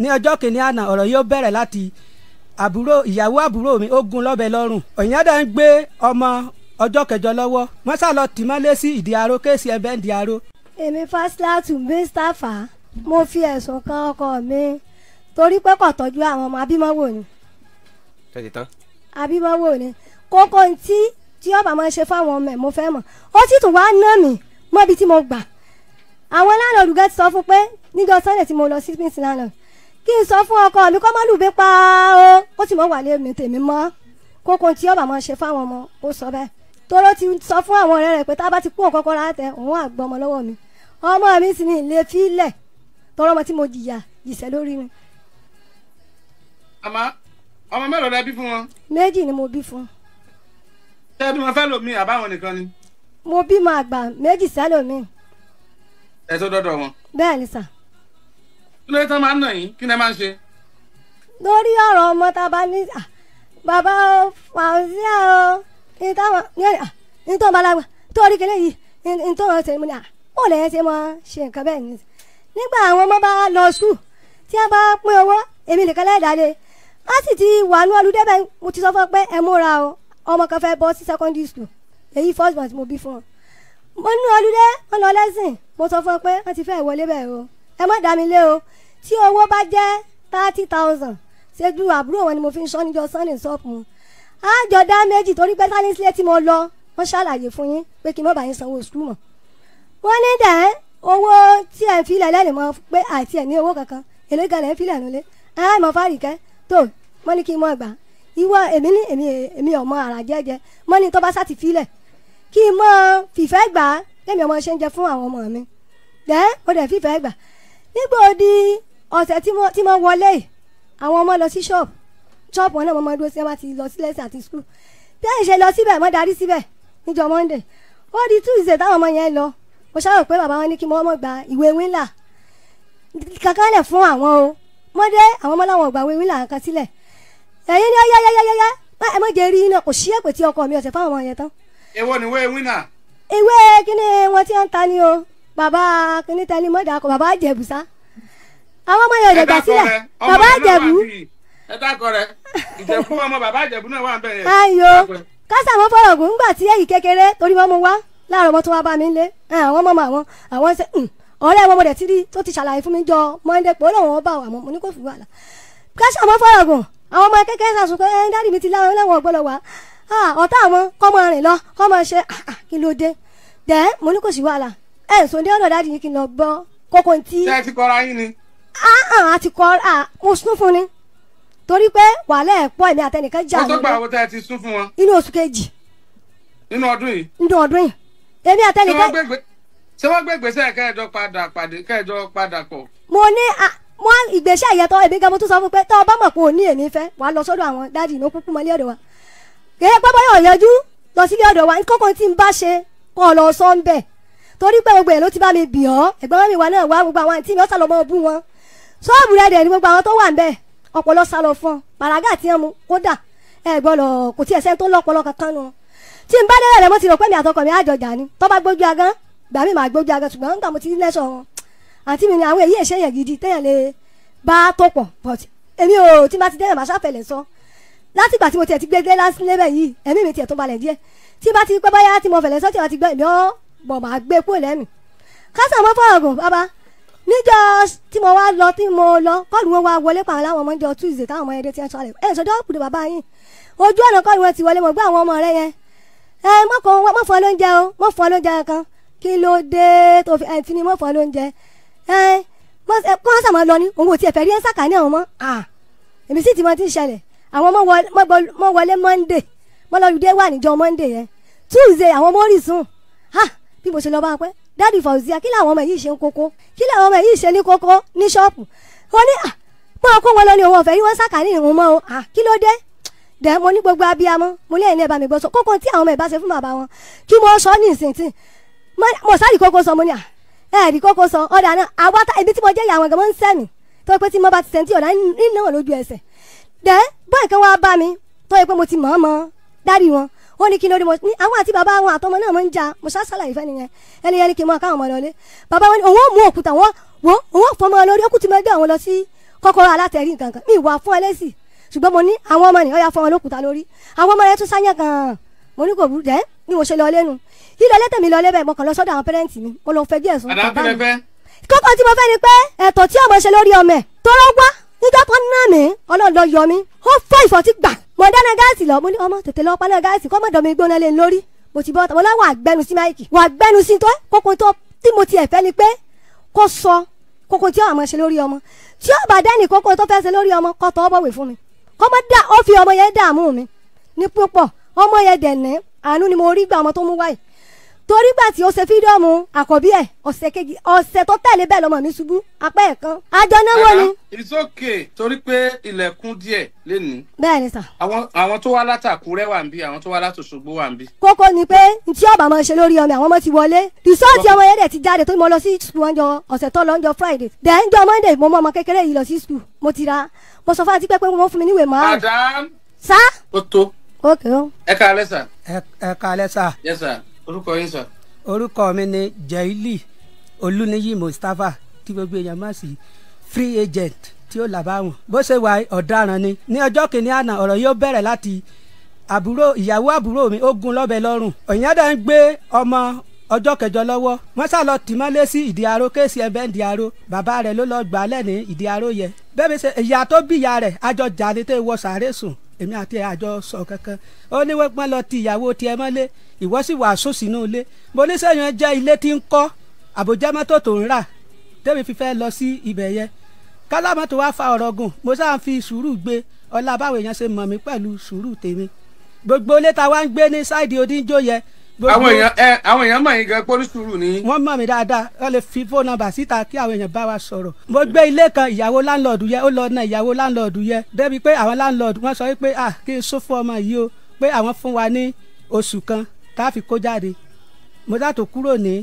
ní ọjọ́ kìíní àná ọ̀rọ̀ yóò bẹ̀rẹ̀ láti àbúrò ìyàwó àbúrò mi ó gún lọ́bẹ lọ́rùn Ọ̀yìndá ń gbé ọmọ ọjọ́ kẹjọ lọ́wọ́ wọ́n sá lọ tì mọ́lé sí ìdí aró kéèsì ẹ̀bẹ̀ ń di aró. èmi Fásilátù Mustapha mo fi ẹ̀sùn kan ọkọ mi torí pé kò tọ́jú àwọn ọmọ abímọ́wò ni. ṣe ti tán. abímọ́wò ni kókó ntí tí ọba máa ṣe fáwọn ọmọ ẹ̀ mo fẹ́ mọ̀ ó sì tún wá ná mi mọ́bi tí mo gbà àwọn landlord gẹ́tì sọ fún pé níjọ́ Sunday tí mo lọ sí Smith kí n sọ fún ọkọ mi kó má lùgbé pa o ó sì mọ wà lé mi tèmi mọ kókó tí ọba máa ṣe fáwọn ọmọ ó sọ bẹ́ẹ̀ tóró ti sọ fún àwọn ọ̀rẹ́ rẹ̀ pé tá a bá ti kó ọkọ rà tẹ òun àgbọ ọmọ lọ́wọ́ mi ọmọ mi sì ní ilé fílẹ tọrọ ọmọ tí mo jìyà jìṣẹ lórí mi. àmọ́ ọmọ mélòó lẹ bí fún wọn. méjì ni mo bí fún. ṣé bí wọn fẹ́ lò mí àbáwọn nìkan ni. mo bímọ àgbà méjì sẹ́lòmíì. ẹ dọ́dọ̀ wọn. bẹ́ẹ̀ ni sà lórí tán máa ń nà yín kí ni ẹ máa ń ṣe. lórí ọ̀rọ̀ ọmọ tá a bá ní bàbá fàùsíà o ní táwọn ní tó balagba tó rí kele yìí ní tó wọn sẹ́yìn mú ni à ó lè ṣe mọ ṣe nǹkan bẹ́ẹ̀ ni. nígbà àwọn ọmọ bá lọ sùkúù tí a bá pín owó èmi nìkan lẹ́yìn dáadé a sì ti wà ní ọlùdẹ́ bẹ́ẹ̀ mo ti sọ fún ọ pé ẹ múra o ọmọ kan fẹ́ bọ́ sí secondary school èyí first month mo bí fún ọ. mo ní ọlùdẹ́ wọn lọ lẹ́sìn mo sọ fún ọ pé wọ́n ti fẹ́ wọlé bẹ́ẹ̀ o ẹ má dá mi lé o tí owó bá jẹ́ thirty thousand ṣéjú àbúrò wọn ni mo fi ń sọ níjọ sunday sọ́ọ̀pù àjọ dá méjì torí pé sáyẹ́nsìlẹ̀ tí mo lọ wọ́n ṣàlàyé fún yín pé kí n má bàa yín sanwó sùkúù mọ́ wọ́n ní dẹ̀ owó tí ẹ̀ ń filẹ̀ lẹ́nu mọ́ pé àti ẹ̀ ní owó kankan èlé kan lẹ́ ń filẹ̀ nulẹ̀ ẹ̀ mọ̀ fárìkẹ́ tó mọ́ ní kí n mọ̀ gbà ìwọ èmi ní èmi èmi ọmọ ara jẹjẹ mọ́ ní tó bá sáti filẹ̀ kí n mọ fìfẹ́ gbà á ọmọ ṣe ń jẹ fún àwọn ọmọ mi dẹ́ ó dẹ̀ fìfẹ́ gbà nígbà òdi ọ̀sẹ̀ tí mo wọlé àwọn ọmọ lọ sí ṣọ́ọ̀bù ṣọ́ọ̀bù wọn náà mo máa dúró sí ẹ máa ti lọ sí lẹ́sìn àti skul tẹ́yìn ṣe lọ síbẹ̀ mo darí síbẹ̀ níjọ monday ó di tuesday táwọn ọmọ yẹn lọ mo ṣàrò pé bàbá wọn ní kí wọ́n mọ̀ gba ìwé wínlà kankan lẹ̀ fún àwọn o wọ́n dé àwọn ọmọ làwọn ò gba ìwé wínlà kankan sílẹ̀ ẹ̀yin ni ó yá yá yá yá ẹ má jẹ́ rí iná kò sí èpè tí ọkọ mi ọ̀sẹ̀ fáwọn ọmọ yẹn tán. èwo ni ìwé wínlà. ìwé kíni wọn ti ń ta ni o bàbá kini tali mọ́dà kọ bàbá àjẹ̀bù sá àwọn ọmọ yẹn ò dẹ̀gbà sílẹ̀ bàbá àjẹ̀bù. ẹ dákọ rẹ ìjẹ̀bù ọmọ bàbá àjẹ̀bù náà wà ń bẹ̀rẹ̀. ayo kásá àwọn fọlọ̀gùn ńgbà tí èyí kékeré torí wọn mú wá láàárọ̀ wọn tún wá bá mi lé àwọn ọmọ àwọn àwọn ṣe hmm, ọ̀rẹ́ wọn mo dẹ̀ ti rí tó ti ṣàlàyé fún mi jọ mọ́ndé pé ọlọ́run ọba àwọn mo ní kò fi wàhálà kásá àwọn fọlọ̀gùn àwọn ọmọ kékeré sàṣùkọ ẹ dáàdì mi ti láwọn ẹlẹ́wọ̀n ọgbọ́dọ̀ wá ah, ọ̀tá àwọn rìn lọ kọ́mọ ṣe ah, ah, kí ló dé dẹ́ mo ní kò sí wàhálà ẹ̀ sọ ní ọ̀dọ̀ dáàdì yìí kí n lọ ẹ ti kọra yín ni. a ah, ah, a ti kọra mo sún fún ni torí pé wàhálà ẹ̀ pọ̀ èmi àtẹnìkan jà lórí. ó tó gbà wo ẹ ti sún fún wọn. inú oṣù kejì. inú ọdún yìí. inú ọdún yìí èmi àtẹnìkan. ṣé wọ́n gbé ìgbésẹ̀ kẹ́ẹ̀jọ padà pàdé kẹ́ẹ̀jọ pọ̀. mo ní ah, mo ìgbésẹ̀ èmi gan mo tún sọ fún pé tọ́ ọ bá mọ̀ pé lọ sọ́dọ̀ àwọn torí pé gbogbo ẹ̀ ló ti bá mi bì ọ́ ẹ̀gbọ́n mẹ́mi wa náà wá gbogbo àwọn àǹtí mi ó sàlọ́ mọ́ bú wọn ṣọ́ọ̀bù rẹ̀ dẹ̀ ni gbogbo àwọn tó wà ńbẹ̀ ọ̀pọ̀lọ́ sàlọ̀ fún ọ pàràgà tí wọ́n mu kódà ẹ̀gbọ́n lọ kò tiẹ̀ sẹ́ni tó lọ́pọ̀lọ́ kankan nu tí n bá délẹ̀ rẹ̀ mo ti rò pé mi àtọkọ mi àjọjà ni tó bá gbójú agán gbà mí màá gbójú agán ṣùgbọ́n nígbà mo ti lẹ́sọ̀ wọn àǹtí mi ni àwọn èyí ẹ̀ṣẹ́ yẹn gidi téèyàn lè bá tó pọ̀ but èmi ò tí n bá ti délẹ̀ màá ṣàfẹ̀lẹ̀ sọ látìgbà tí mo tiẹ̀ ti gbé dé lásìlẹ́bẹ̀ yìí ẹ̀mí mi tiẹ̀ tó balẹ̀ díẹ̀ tí bá ti pẹ́ báyá tí mo fẹ̀lẹ̀ sọ́ tí wọ́n ti gbẹ́ ìmí ọ́ bọ̀ máa gbé kúrò lẹ́nu kásán mọ́ fọ̀rọ̀ gùn bàbá níjọ́ tí mo wá lọ tí mo lọ kọ́ọ̀lù wọn wá wọlé pàrọ̀ láwọn ọmọ ìjọ tuesday táwọn ọmọ ẹ̀dẹ́ ti ń sọ rẹ̀ ẹ̀ sọdọ́ kùdù bàbá yín ojú ọ̀nà kọ́ọ̀lù wọn ti wọlé mo gbé àwọn ọmọ rẹ yẹn ẹ mọ́kàn mọ́ fọ́ lóúnjẹ o mọ́ fọ́ lóúnjẹ kan kí ló dé tó fi ẹ̀ tí ni mọ́ fọ́ lóúnjẹ ẹ kọ́ sàmọ́ lọ ní òun ò tiẹ̀ fẹ́ rí ẹ̀ sàkà ní àwọn ọmọ à èmi sì ti mọ ti ń ṣẹlẹ̀ àwọn ọmọ wọlé monday mọ́lọ́lùdé wà tuesday àwọn ọmọ rì bí mo ṣe lọ bá wọn pé dáàdì Fauzia kí làwọn ọmọ yìí ṣe ń kókó kí làwọn ọmọ yìí ṣe ní kókó ní ṣọ́ọ̀pù ó ní à mọ ọkọ wọn lọ ní òun ọ̀fẹ́ yìí wọ́n sàkà ní ìrùn mọ́ o à ah, kí ló dé dẹ mo ní gbogbo abiyamọ mo lé ẹni ẹ bá mi gbọ́ sọ kókó tí àwọn ọmọ ẹ bá ṣe fún bàbá wọn kí mo sọ ní ìsìntì mo sáré kókó sọ mo ní à ah, ẹ rí kókó sọ ọ̀dà náà àwa ibi tí mo jẹ́ ìyàwó gan-an sẹ́mi tó pé tí mo bá ti sẹ́ntì ọ̀dà nínú lójú ẹsẹ̀ dẹ bọ́ọ̀ kan wá bá mi tó yẹ pé mo ti mọ̀ ọ́n mọ́ dárí wọn wọ́n ní kí lórí mo ní àwọn àti bàbá àwọn àtọmọ náà mo ń ja mo ṣá ṣàlàyé fẹ́ nìyẹn ẹni yẹn ni kí n mọ káwọn ọmọ lọlé bàbá wọn ni òun ò mú òkúta wọn wọn òun ò fọmọ lórí ó kù ti máa gbé àwọn lọ sí kọ́kọ́rọ́ alátẹ̀rí nǹkan kan mi ìwà fún ẹ lẹ́sì ṣùgbọ́n mo ní àwọn ọmọ nìyọ́ ya fọmọ lókùta lórí àwọn ọmọ yẹn tún sáyẹn kan mo ní kò burú jẹ́ bí mo ṣe lọ lẹ́nu lílọ lẹ́tẹ̀ mi lọ lẹ́bẹ̀ mo kàn lọ sọ́dọ̀ àwọn pẹ́rẹ́ǹtì mi mo lọ fẹ́ bí ẹ̀sùn bàbá mi kókó tí mo fẹ́ ni pé ẹ̀tọ́ tí ọmọ ṣe lórí ọmọ ẹ̀ tọ́rọ́ wá nígbà tó ná mi ọlọ́run lọ yọ mi ó fọ́ ìfọ́tí gbà mo dáná gáàsì lọ mo ní ọmọ tètè lọ paná gáàsì kọ́ mọ̀dọ̀ mi gbóná lé lórí mo ti bọ́ ọ̀tọ̀ mo láwọn àgbẹnu sí máìkì wọ́n àgbẹnu sí tó kókó tó tí mo ti ẹ̀fẹ́ ni pé kó sọ kókó tí ó àmọ́ ṣe lórí ọmọ tí ó bá dẹ́ni kókó tó fẹ́ ṣe lórí ọmọ kọ́ tọ́ bọ̀wé fún mi kọ́ mọ́ dá ó fi ọmọ yẹn dààmú mi ní púpọ̀ ọmọ yẹn dẹ̀ ní àánú ni mo rí gbà ọmọ tó mú wáyìí torí gbà tí ó ṣe fídíọ̀mù àkọ́bí ẹ̀ kejì ọ̀sẹ̀ tó tẹ̀lé bẹ́ẹ̀ lọ́mọ mi ṣubú apá ẹ̀ kan. àjọ náà wò ni. it's okay torí pé ilẹ̀kùn díẹ̀ lè ní. bẹ́ẹ̀ ni sà. àwọn àwọn tó wá látàkúrẹ́ wà ń bí àwọn tó wá látòṣogbo wà ń bí. kókó ni pé ntí ọba máa ṣe lórí ọmọ àwọn ọmọ ti wọlé rìsọ́ọ̀tì ọmọ yẹn dẹ̀ ti jáde tó mọ lọ sí sùkúl ọjọ́ ọ̀sẹ̀ tó lọ́jọ́ orúkọ yín sà. orúkọ mi ni jẹ́ìlì olúniyí mustapha tí gbogbo èèyàn mọ̀ sí free agent tí ó là báwọn bó ṣe wà ọ̀daràn ni ní ọjọ́ kìíní àná ọ̀rọ̀ yóò bẹ̀rẹ̀ láti àbúrò ìyàwó àbúrò mi ó gún lọ́bẹ lọ́rùn òyìnbó ń gbé ọmọ ọjọ́ kẹjọ lọ́wọ́ wọ́n sá lọ tìmọ́lé sí ìdí aró kéèsì ẹ̀bẹ́ ìdí aró bàbá rẹ̀ ló lọ gbà lẹ́ni ìdí aró yẹ bẹ́ẹ̀ bí ṣe ìyá tó bí ìyá rẹ̀ àjọ jà ní tẹ́ wọ sàárè sùn èmi àti àjọ sọ kankan ó ní wọ́n lọ ti ìyàwó tiẹ̀ mọ́lé ìwọ sì wà sùn sínú ilé mo ní sẹ́yìn jẹ́ ilé tí ń kọ́ àbújá mọ́tò tó ń rà tẹ́mi fi fẹ́ lọ sí ibẹ̀ yẹn kálámọ́tò wá fa ọ̀rọ̀ gùn mo sáà ń fi sùúrù gbé ọlá báwo èèyàn ṣe mọ̀ mí pẹ̀lú sùúrù tèmi gbogbo ilé ta wá ń gbé ní sáìdì odíńjó yẹn àwọn èèyàn ẹ àwọn èèyàn mọ̀ yín gan pé ni. wọ́n mọ̀ mí dáadáa wọ́n lè fi fóònù nọ́mbà síta kí àwọn èèyàn bá wa sọ̀rọ̀. mo gbé ilé kan ìyàwó láńlọ́ọ̀dù yẹ ó lọ na ìyàwó láńlọ́ọ̀dù yẹ débi pé àwọn láńlọ́ọ̀dù wọ́n sọ pé à ah, kí n sún fún ọmọ yìí o pé àwọn fún wa ní oṣù kan tá a fi kó jáde. mo dá tó kúrò ní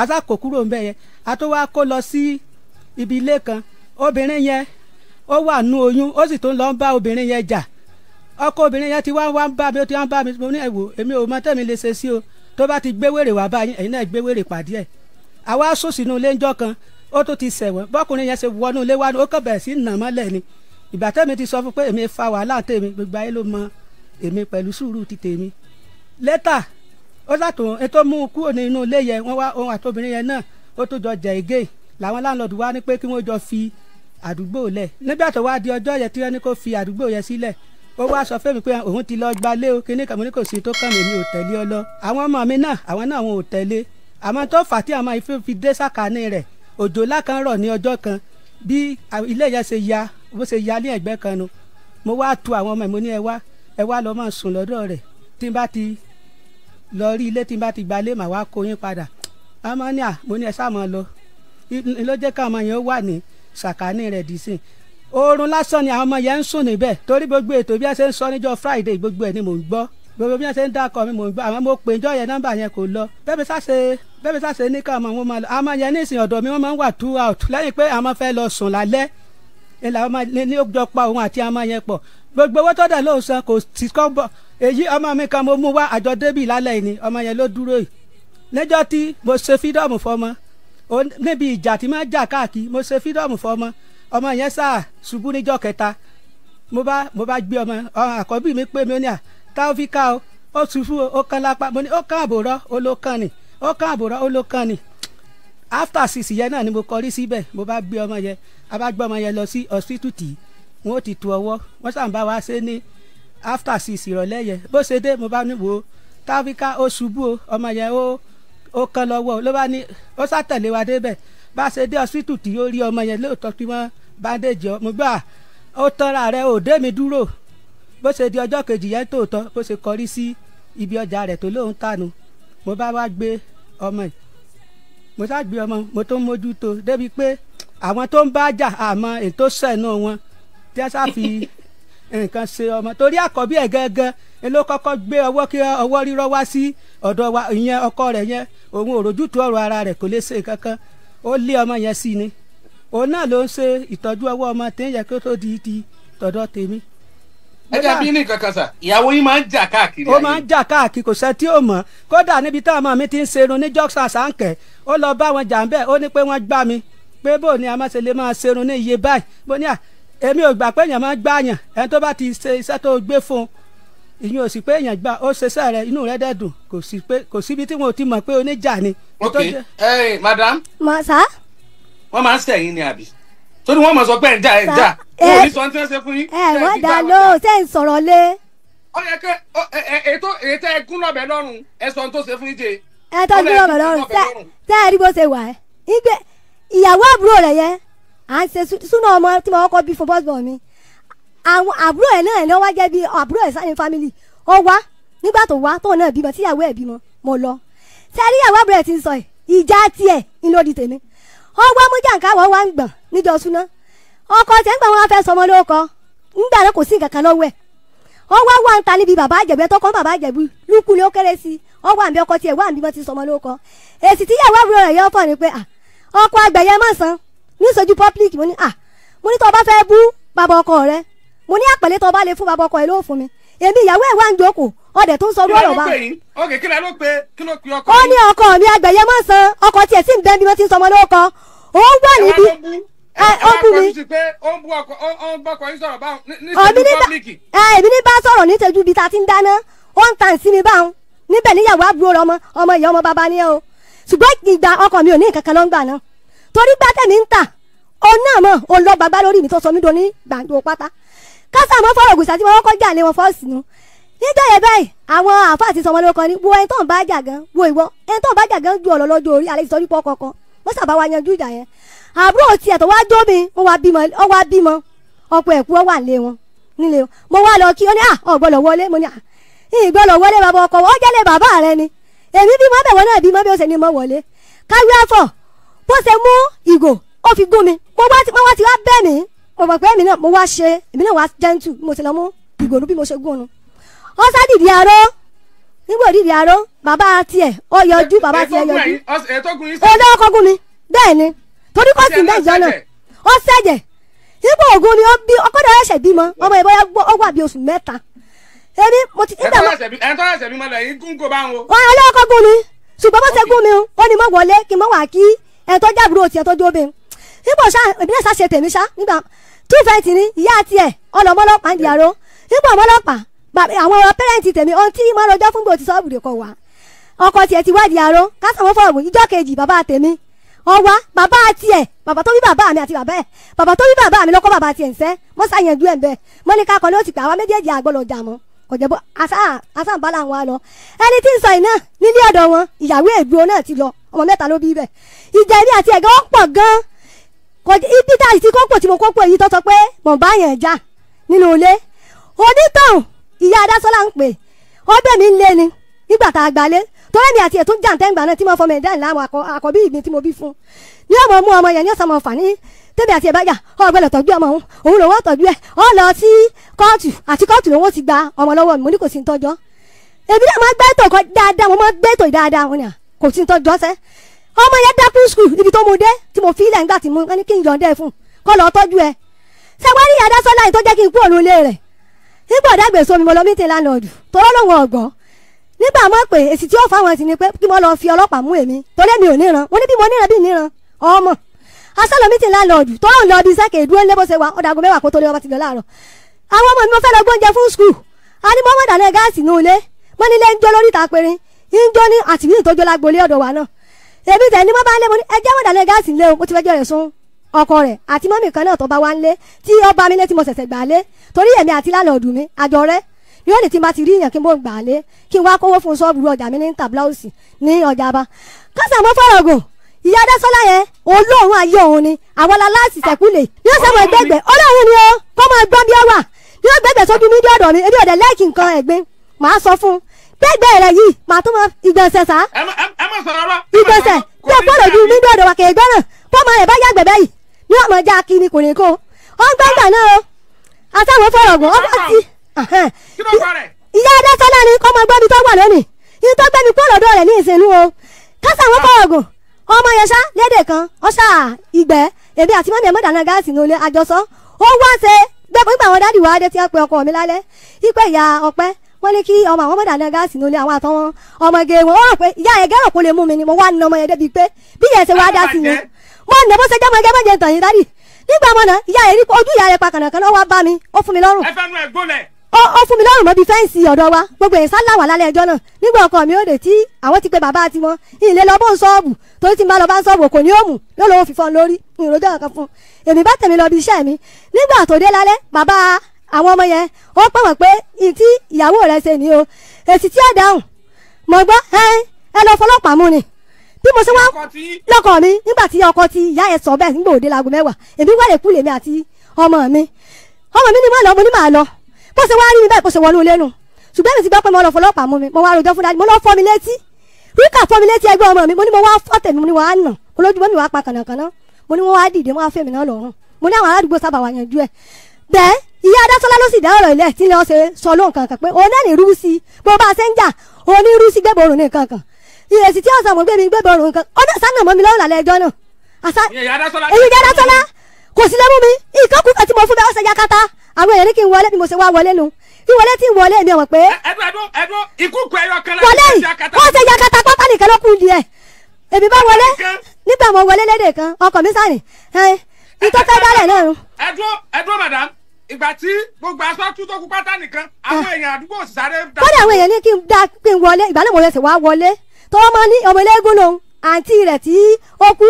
asá kò kúrò ń bẹ̀ yẹn a tó wá kó lọ sí ibi ilé kan obìnrin yẹn ọkọ obìnrin yẹn ti wá wá ń bá mi ó ti wá ń bá mi mo ní ẹ̀wò èmi ò mọ tẹ́mi lè ṣe sí o tó bá ti gbé wèrè wá báyìí ẹ̀yin náà gbé wèrè pàdé ẹ̀ àwa sùn sínú ilé ńjọ́ kan ó tún ti sẹ̀wọ̀n bọ́kùnrin yẹn ṣe wọnú ilé wa ó kàn bẹ̀rẹ̀ sí nà mọ́lẹ̀ ìgbà tẹ́mi ti sọ fún pé èmi fa wàhálà tèmi gbogbo ayé ló mọ èmi pẹ̀lú sùúrù ti tèmi lẹ́tà ó sàtò ètò mú un kúrò nínú ilé yẹn wọ́n wá ohun àtòbìnrin yẹn náà ó tún jọ jẹ ègé làwọn láńlọ́ọ̀dù wá ní pé kí wọ́n jọ fi àdúgbò lẹ̀ nígbà tó wá di ọjọ́ yẹn tí wọ́n ní kó fi àdúgbò yẹn sílẹ̀ ó wá sọ fẹ́mi pé òun ti lọ gbalé o kíní kàmú ní kò sí tó kàn mí mi ò tẹ̀lé ọ lọ àwọn ọmọ mi náà àwọn náà wọn ò tẹ̀lé àmọ́ tó fà tí àwọn ìfẹ́ fi dé sàkání rẹ̀ òjò lákan rọ̀ ní ọjọ́ kan bí ilé yẹn ṣe ya bó ṣe ya ní ẹ̀gbẹ́ kan nu mo wá tu àwọn ọmọ ìmọ̀ ní ẹ wá ẹ wá lọ máa sùn lọ́dọ̀ rẹ̀ tí n bá ti lọ rí ilé tí n bá ti gbalé màá wá kó yín padà àmọ́ ní à mo ní ẹ sáà oorun lásán ni àwọn ọmọ yẹn ń sùn níbẹ̀ torí gbogbo ètò bí wọ́n ṣe ń sọ níjọ́ Friday gbogbo ẹ̀ ni mò ń gbọ́ gbogbo bí wọ́n ṣe ń dákọ̀ mi mò ń gbọ́ àwọn mo pè jọ́ yẹn nọ́mbà yẹn kò lọ bẹ́ẹ̀ bí sáṣe bẹ́ẹ̀ bí sáṣe ní káwọn ọmọ máa lọ àwọn ọmọ yẹn ní ìsìn ọ̀dọ̀ mi wọ́n máa ń wà two out lẹ́yìn pé àwọn fẹ́ lọ sùn lálẹ́ ni làwọn máa ní ọjọ́ pa òun àti àwọn yẹn pọ̀ gbogbo owó tọ́jà lóun san kò sì kọ́ bọ̀ èyí ọmọ mi kan mo mú wá àjọ débì ni ọmọ yẹn ló dúró yìí níjọ́ tí mo ṣe fídọ́ọ̀mù fọmọ níbi ìjà tí máa ń jà káàkiri mo ṣe fídọ́ọ̀mù fọmọ ọmọ yẹn sá ṣubú níjọ́ kẹta mo bá mo bá gbé ọmọ àkọ́bí mi pé mi ó ní à táwọ́fíkà o ó ṣubú ó kán lápá mo ní ó kán àbòrọ́ ó ló kán ni ó kán àbòrọ́ ó ló kán ni after six yẹn náà ni mo kọrí síbẹ̀ mo bá gbé ọmọ yẹn a bá gbé ọmọ yẹn lọ sí hospital tì wọn ó ti tu ọwọ́ wọ́n sàn bá wa ṣe ní after six ìrọ̀lẹ́ yẹn bó ṣe dé mo bá ní wo táwọ́fíkà ó ṣubú ọmọ yẹn ó ó lọ́wọ́ ló bá ní ó sá wa débẹ̀ bá a ṣe dé ọsítù tí ó rí ọmọ yẹn lóòótọ́ tí wọ́n bandage ọmọ gbà ah, ó tọ́ra rẹ̀ ò dé mi dúró bó ṣe di ọjọ́ kejì yẹn tòótọ́ bó ṣe kọrí sí ibi ọjà rẹ̀ tó lóun tànù mo bá wá gbé ọmọ yìí mo sá gbé ọmọ mo tó ń mójútó débi pé àwọn tó ń bá jà àmọ́ ètò sẹ̀nù wọn tí wọ́n sá fi nǹkan ṣe ọmọ torí àkọ́bí ẹ̀ gángan ni ló kọ́kọ́ gbé ọwọ́ kí ọwọ́ rírọ́ wá sí ọ̀dọ̀ wa ìyẹn ọkọ rẹ̀ yẹn òun òròjútu ọ̀rọ̀ ara rẹ̀ kò lè ṣe nǹkan ó lé ọmọ yẹn sí ni òun náà ló ṣe ìtọ́jú ọwọ́ ọmọ téèyàn kó tó di ti tọ̀dọ̀ tèmi. ẹ jẹ́ bí ní kankan ìyàwó yín máa ń jà káàkiri. ó máa ń jà káàkiri kò sẹ́ tí ó mọ̀ kódà níbi mi ti ń serun ní jọ́ksà ó lọ bá wọn jà ń mi pé bò ní a máa ṣe lè máa serun ní iye báyìí mo ní à èmi ò ti ṣe iṣẹ́ tó ìyẹn ò sì pé èèyàn gba ó ṣe sáré inú rẹ dẹ́dùn kò sí pé kò síbi tí wọn ò ti mọ̀ pé oníjà ni. ok ẹ madam. Ma, sa? wọ́n máa ń sẹ̀yìn ni àbí torí wọ́n mọ̀ sọ pé ẹ̀ ń jà ẹ̀ ń jà wọn ò ní sọ ní tí wọ́n ṣe fún yín. ẹ wọ́n dà ló ṣe ń sọ̀rọ̀ lé. ó yẹ kẹ ètò ètò ẹgún lọ́bẹ̀ lọ́rùn ẹ sọ ní tó ṣe fún yíjẹ. ẹ tó gún lọ́bẹ̀ lọ́rùn tẹ́ ẹ rí bó ṣe wà ẹ́ ìyàwó àbúrò rẹ̀ yẹ à ń ṣe súnà ọmọ tí mo kọ́ bí fún bọ́ọ̀sì bọ̀ mi àwọn àbúrò naa náà ló jẹ́ àbúrò family ó wá nígbà tó wá tóun náà bímọ tíyàwó ẹ̀ bímọ mo lọ sẹ́rí ìyàwó àbúrò ti sọ ìjà tiẹ̀ ńlọdì tèmi ó wá mú jàǹká wọ́n ọkọ tẹ̀ ń gbà wọn fẹ́ sọmọ lóko kò sí nǹkan kan lọ́wọ́ wá wá ń ta níbi bàbá ni ó kéré i ọkọ ti sọmọ lóko èsì tíyàwó àbúrò yọ ọkọ àgbẹ̀yẹ mọ̀ sàn ní ìsojú public mo ní mo ní àpẹẹlẹ tó bá lè fún bàbá ọkọ ẹ ló fún mi èmi ìyàwó ẹ wá ń jókòó ọdẹ tó ń sọ lọ́rọ̀ bá. ok kí ló pé kí ló pe ọkọ. ó ní ọkọ mi àgbẹ̀yẹ mọ̀ san ọkọ tiẹ̀ sì ń bẹ́ẹ̀ bí wọ́n ti ń sọmọ lóko ó wà níbi ó bú mi. èmi ní bá sọ̀rọ̀ níṣẹ́jú bíi ta ti ń dáná ó ń tàn sí mi báwọn níbẹ̀ níyàwó àbúrò rẹ ọmọ ọmọ ìyá ọmọ bàbá ni ẹ o ṣùgbọ́n ìgbà ọkọ mi ò ní nǹkan kan lọ́ngbà náà torí gbàtẹ́ ń tà òun náà mọ̀ òun lọ bàbá lórí mi tó sọ mí doni gbàǹjo pátá kásá àmọ́ fọ̀rọ̀ gùsà tí wọ́n kọ́ jà lé wọn fọ́ọ̀sì nu nígbà yẹn báyìí àwọn àáfàá ti sọmọ lórúkọ ni wo ẹni tó ń bá jà gan wo ìwọ ẹni tó ń bá jà gan ju ọ̀lọ́ lọ́jọ́ orí alẹ́ ìsọjú pọ̀ kọ̀ọ̀kan wọ́n sábà wá yanjú ìjà yẹn àbúrò tiẹ̀ tó wá jó mi ó wá bímọ ọkọ ẹ̀kú ọ wà lé wọn nílé wọn mo wá lọ kí ó ní à ọ̀gbọ́dọ̀ wọlé mo ní à ìgbọ́dọ̀ wọlé bàbá ọkọ wọn ó jẹ́lé bàbá rẹ ni èmi bímọ bẹ̀ wọ́n náà bímọ bí ó ṣe ní mọ́ wọlé káwé àfọ̀ bó ṣe mú ìgò ó fi gún mi mo wá ti wá bẹ́ẹ̀ mi mo mọ̀ pé èmi náà mo wá ṣe èmi náà wá gentle mo ti lọ mú ìgòrú bí mo ṣe gún un ó sá dìde aró nígbà òdìdí aró bàbá tiẹ̀ ó yọjú bàbá tiẹ̀ yọjú olókogún ni bẹ́ẹ̀ ni torí kò sí bẹ́ẹ̀ jọ náà ó ṣẹ̀jẹ̀ nígbà ògún ni ó bí ọkọ náà ẹ̀ṣẹ̀ bímọ ọmọ ìbọyá ó wà bí oṣù mẹ́ta ebi mo ti nígbà mọ ẹ̀tọ́ ẹ̀ṣẹ̀ bímọ lẹ́yìn kún kó bá wọn. wọn olókogún ni ṣùgbọ́n bó ṣe gún mi ó ní mọ̀ wọlé kí n mọ̀ wá ipò ṣá èmi náà ṣàṣe tèmi ṣá nígbà two fẹ́ǹtì ni ìyá àti ẹ̀ ọlọmọlọpàá ń di àrò ipò ọmọlọpàá àwọn pẹ́rẹ́ǹtì tèmi ohun tí mo rọjọ́ fún gbòòtì sọ́ọ̀bù rẹ̀ kọ̀ wá ọkọ tiẹ̀ ti wádìí àrò kásánwó fọ̀ọ̀bù ìjọ́ kejì bàbá tèmi ọwá bàbá tiẹ̀ bàbá tó bí bàbá mi àti bàbá ẹ̀ bàbá tó bí bàbá mi lọ́kọ́ bàbá tiẹ̀ ń sẹ́ mo ṣàyẹ̀dú ẹ̀ bẹ́ẹ̀ mo ní kakọ ní ó ti pè àwa méjèèjì àgbọ̀lọ̀ jà mọ́ kọjá bó asáǹbálà wọn lọ ẹni tí ń sọ iná nílé ọ̀dọ̀ wọn ìyàwó ègbò náà ti lọ ọmọ mẹ́ta ló bí bẹ́ẹ̀ ìjà ẹni àti ẹ̀gá ó pọ̀ gan-an ibi tá àti kọ́pọ̀ tí mo kọ́pọ̀ èyí tó sọ pé mò bá yẹn já nínú ilé onítàn ìyá adásọ́lá ń pè ọbẹ̀ mi ń lé ni nígbà tá a gbalé torí mi àti ẹ̀tún jàǹtẹ́ǹgbà náà tí mo fọmọ ẹ̀dá ìlànà àkọ́bí mi tí mo bí fún ní ọmọ mú ọmọ yẹn ní ọ̀sán ọmọ fàní tẹ́bi àti ẹ̀bá yà ọ̀gbẹ́lẹ̀ tọ́jú ọmọ òun òun lòun ọ̀tọ́jú ẹ̀ ọ lọ sí kóòtù àti kóòtù lòun ó ti gba ọmọ lọ́wọ́ mi mo ní kò sí ń tọ́jọ́ èmi náà máa gbẹ́tò dáadáa mo máa gbẹ́tò dáadáa wọn ni kò sí ń tọ́jọ́ sẹ́ ọmọ yẹn dákú skul ibi tó mo dé tí mo fi ilẹ̀ ńgbà tí mo ní kí n yọ̀ǹdẹ́ fún kọ́ lọ́ọ́ tọ́jú ẹ sẹ́wọ́n ní yàrá sọ́lá yìí tó jẹ́ kí n kú òun lé rẹ̀ nígbà ọ̀dà gbèsò mi mo lọ mítìn lánàádù tọ́lọ́ lòun ọ̀gbọ́n nígbà mọ̀ pé èsì tí ó fáwọn ti ni pé kí wọ́n lọ fi ọlọ́pàá mú èmi torí mi ò níran mo ní bí mo níran bí níran ọmọ asálọ mítìn lánàádù tọ́lọ́ lọ bí sẹ́kẹ̀ ìdúró lé bó ṣe wà ọ̀dà àgọ́ mẹ́wàá kó tó lé wọn bá ti lọ láàárọ̀ àwọn ọmọ lọ èmi tẹ̀ ní mo bá ń lé mo ní ẹjẹ́ wọ̀dà lórí gáàsì ńlẹ̀ o mo ti fẹ́ jọ rẹ̀ sún ọkọ rẹ̀ àti mọ́mì kan náà tó bá wá ńlé tí ó mi lé tí mo ṣẹ̀ṣẹ̀ gbà lé torí èmi àti lálọ́ọ̀dù mi àjọ rẹ̀ yóò ní tí n bá ti rí yàn kí n bó ń gbà lé kí n wá kówó fún sọ́ọ̀bù ọjà mi ní tàbíláùsì ní ọjà bá kásà mo fọ̀rọ̀ gùn ìyá adásọ́lá yẹn olóòórùn ayé òun ni àwọn aláàsì sẹ́kúlẹ̀ yóò sẹ́wọ̀n ẹgbẹ́gbẹ́ olóòórùn ni ó kọ́ máa gbọ́n bí ó wà yóò gbẹ́gbẹ́ sójú mídíọ̀dọ̀ mi ebi ọ̀dẹ̀ láìkì nǹkan ẹ̀gbin màá sọ fún un tẹ́gbẹ́ rẹ yìí màá tún mọ ìgbọ̀nsẹ̀ sá. ẹ má sọ̀rọ̀ rọ. ìgbọ̀nsẹ̀ tí o gbọ́dọ̀ ju nígbà òdò wàkẹ́ ìgbọ́ràn fọmọ rẹ̀ bá yá gbẹ̀bẹ́ yìí ni ọmọ já kí ni kò ní kó ó ń gbẹ́gbà náà o àtàwọn fọlọ̀gùn ọmọ ti. ìyá adásọ́lá ni ọmọ gbẹ́mi tó wà lónìí ní tó gbẹ́mi kúrò lọ́dọ̀ rẹ̀ ní ìsinú o kásàwọn fọlọ̀gùn ọmọ yẹn ṣá kan ọṣà ìgbẹ́ èmi àti mọ́mí ẹ̀mọ́ dáná gáàsì ní olè àjọsọ ó wá ṣe gbẹ́gbẹ́ ìgbà wọn dádì wá dé tí wọ́n pe ọkọ mi lálẹ́ wọ́n ní kí ọmọ àwọn mọ̀dà náà gáàsì nílé àwọn àtọ́wọ́n ọmọge wọn ó rò pé ìyá ẹ̀ gẹ́rọ̀ kò lè mú mi ni mo wá ní ọmọ yẹn débi pé bí yẹn ṣe wá dá sí mi mo nà bó ṣe jẹ́ ọmọ ẹgẹ́ méje tàn yín dádì nígbà mọ̀nà ìyá ẹ̀ rí ojú ìyá ẹ̀ pa kànàkànà ó wá bá mi ó fún mi lọ́rùn. ẹ ó fún mi lọ́rùn mọ́bi fẹ́ǹsì ọ̀dọ̀ wa gbogbo èyí sá làwà lálẹ́ ẹjọ́ náà nígbà mi ò dé tí àwọn ti pe bàbá àwọn ọmọ yẹn ó pè wọ́n pé ìtí ìyàwó rẹ̀ ṣe ni o èsì tí ó dáhùn mọ̀ gbọ́ ẹ ẹ lọ fọlọ́pàá mú ni bí mo ṣe wá lọ́kọ̀ mi nígbà tí ọkọ ti ìyá ẹ sọ bẹ́ẹ̀ nígbà òde laago mẹ́wàá èmi wà lẹ́kú lèmi àti ọmọ mi ọmọ mi ni mo lọ mo ní màá lọ bó ṣe wá rí mi báyìí bó ṣe wọnú ilé nu ṣùgbọ́n mi ti gbọ́ pé mo lọ fọlọ́pàá mú mi mo wá rojọ́ fún dájú mo lọ fọ́ mi létí ríkà fọ́ mi létí ẹgbẹ́ ọmọ mi mo ní mo wá fọ́ tèmi mo ní wàá nà olójúmọ́ mi wàá pa kànàkànà mo ní mo wá dìde mo wá fèmí náà lọ́rùn mo ní àwọn aládùúgbò sábà wà yanjú ẹ̀ bẹ́ẹ̀ ìyá adásọ́lá ló sì dá ọ̀rọ̀ ilẹ̀ tí wọ́n ṣe sọ lóhùn kankan pé òun náà ní rúùsì bó bá a ṣe ń jà òun ní rúùsì gbẹ̀bọ̀rùn ní kankan ìrèsì tí ọ̀sán mọ̀ gbẹ̀mí gbẹ̀bọ̀rùn nǹkan ọ̀nà sànà mọ́ mi lọ́rùn lálẹ́ ẹjọ́ náà àṣà èyí ìyá adásọ́lá kò sí lẹ́mú mi ìkọ́kù kan tí mo fún bẹ́ẹ̀ ọ̀sẹ̀ yakata àwọn èèyàn ní kí n wọlé bí mo ṣe wá wọlé nu ìwọlé tí ń wọlé mi ọ̀mọ̀ pé. ẹdun ẹdun ẹdun ikú kọ ẹyọ kan láti ọ̀sẹ̀ yakata ọ̀sẹ̀ yakata pátá nìkan ló kù díẹ̀ èmi bá wọlé nígbà mo wọlé lédè kan ọkọ mi sáré ẹ ní tó fẹ́ dálẹ̀ náà. ẹdun ẹdun madam ìgbà tí gbogbo aṣọ tún tó kú pátá nìkan ah. àwọn èèyàn àdúgbò sáré. kọ́dà àwọn èèyàn ní kí n dá kí n wọlé ìgbà náà mo rẹsẹ̀ wá wọlé tọ́wọ́ máa ní ọmọ eléégún lòun àǹtí rẹ̀ tí ó kú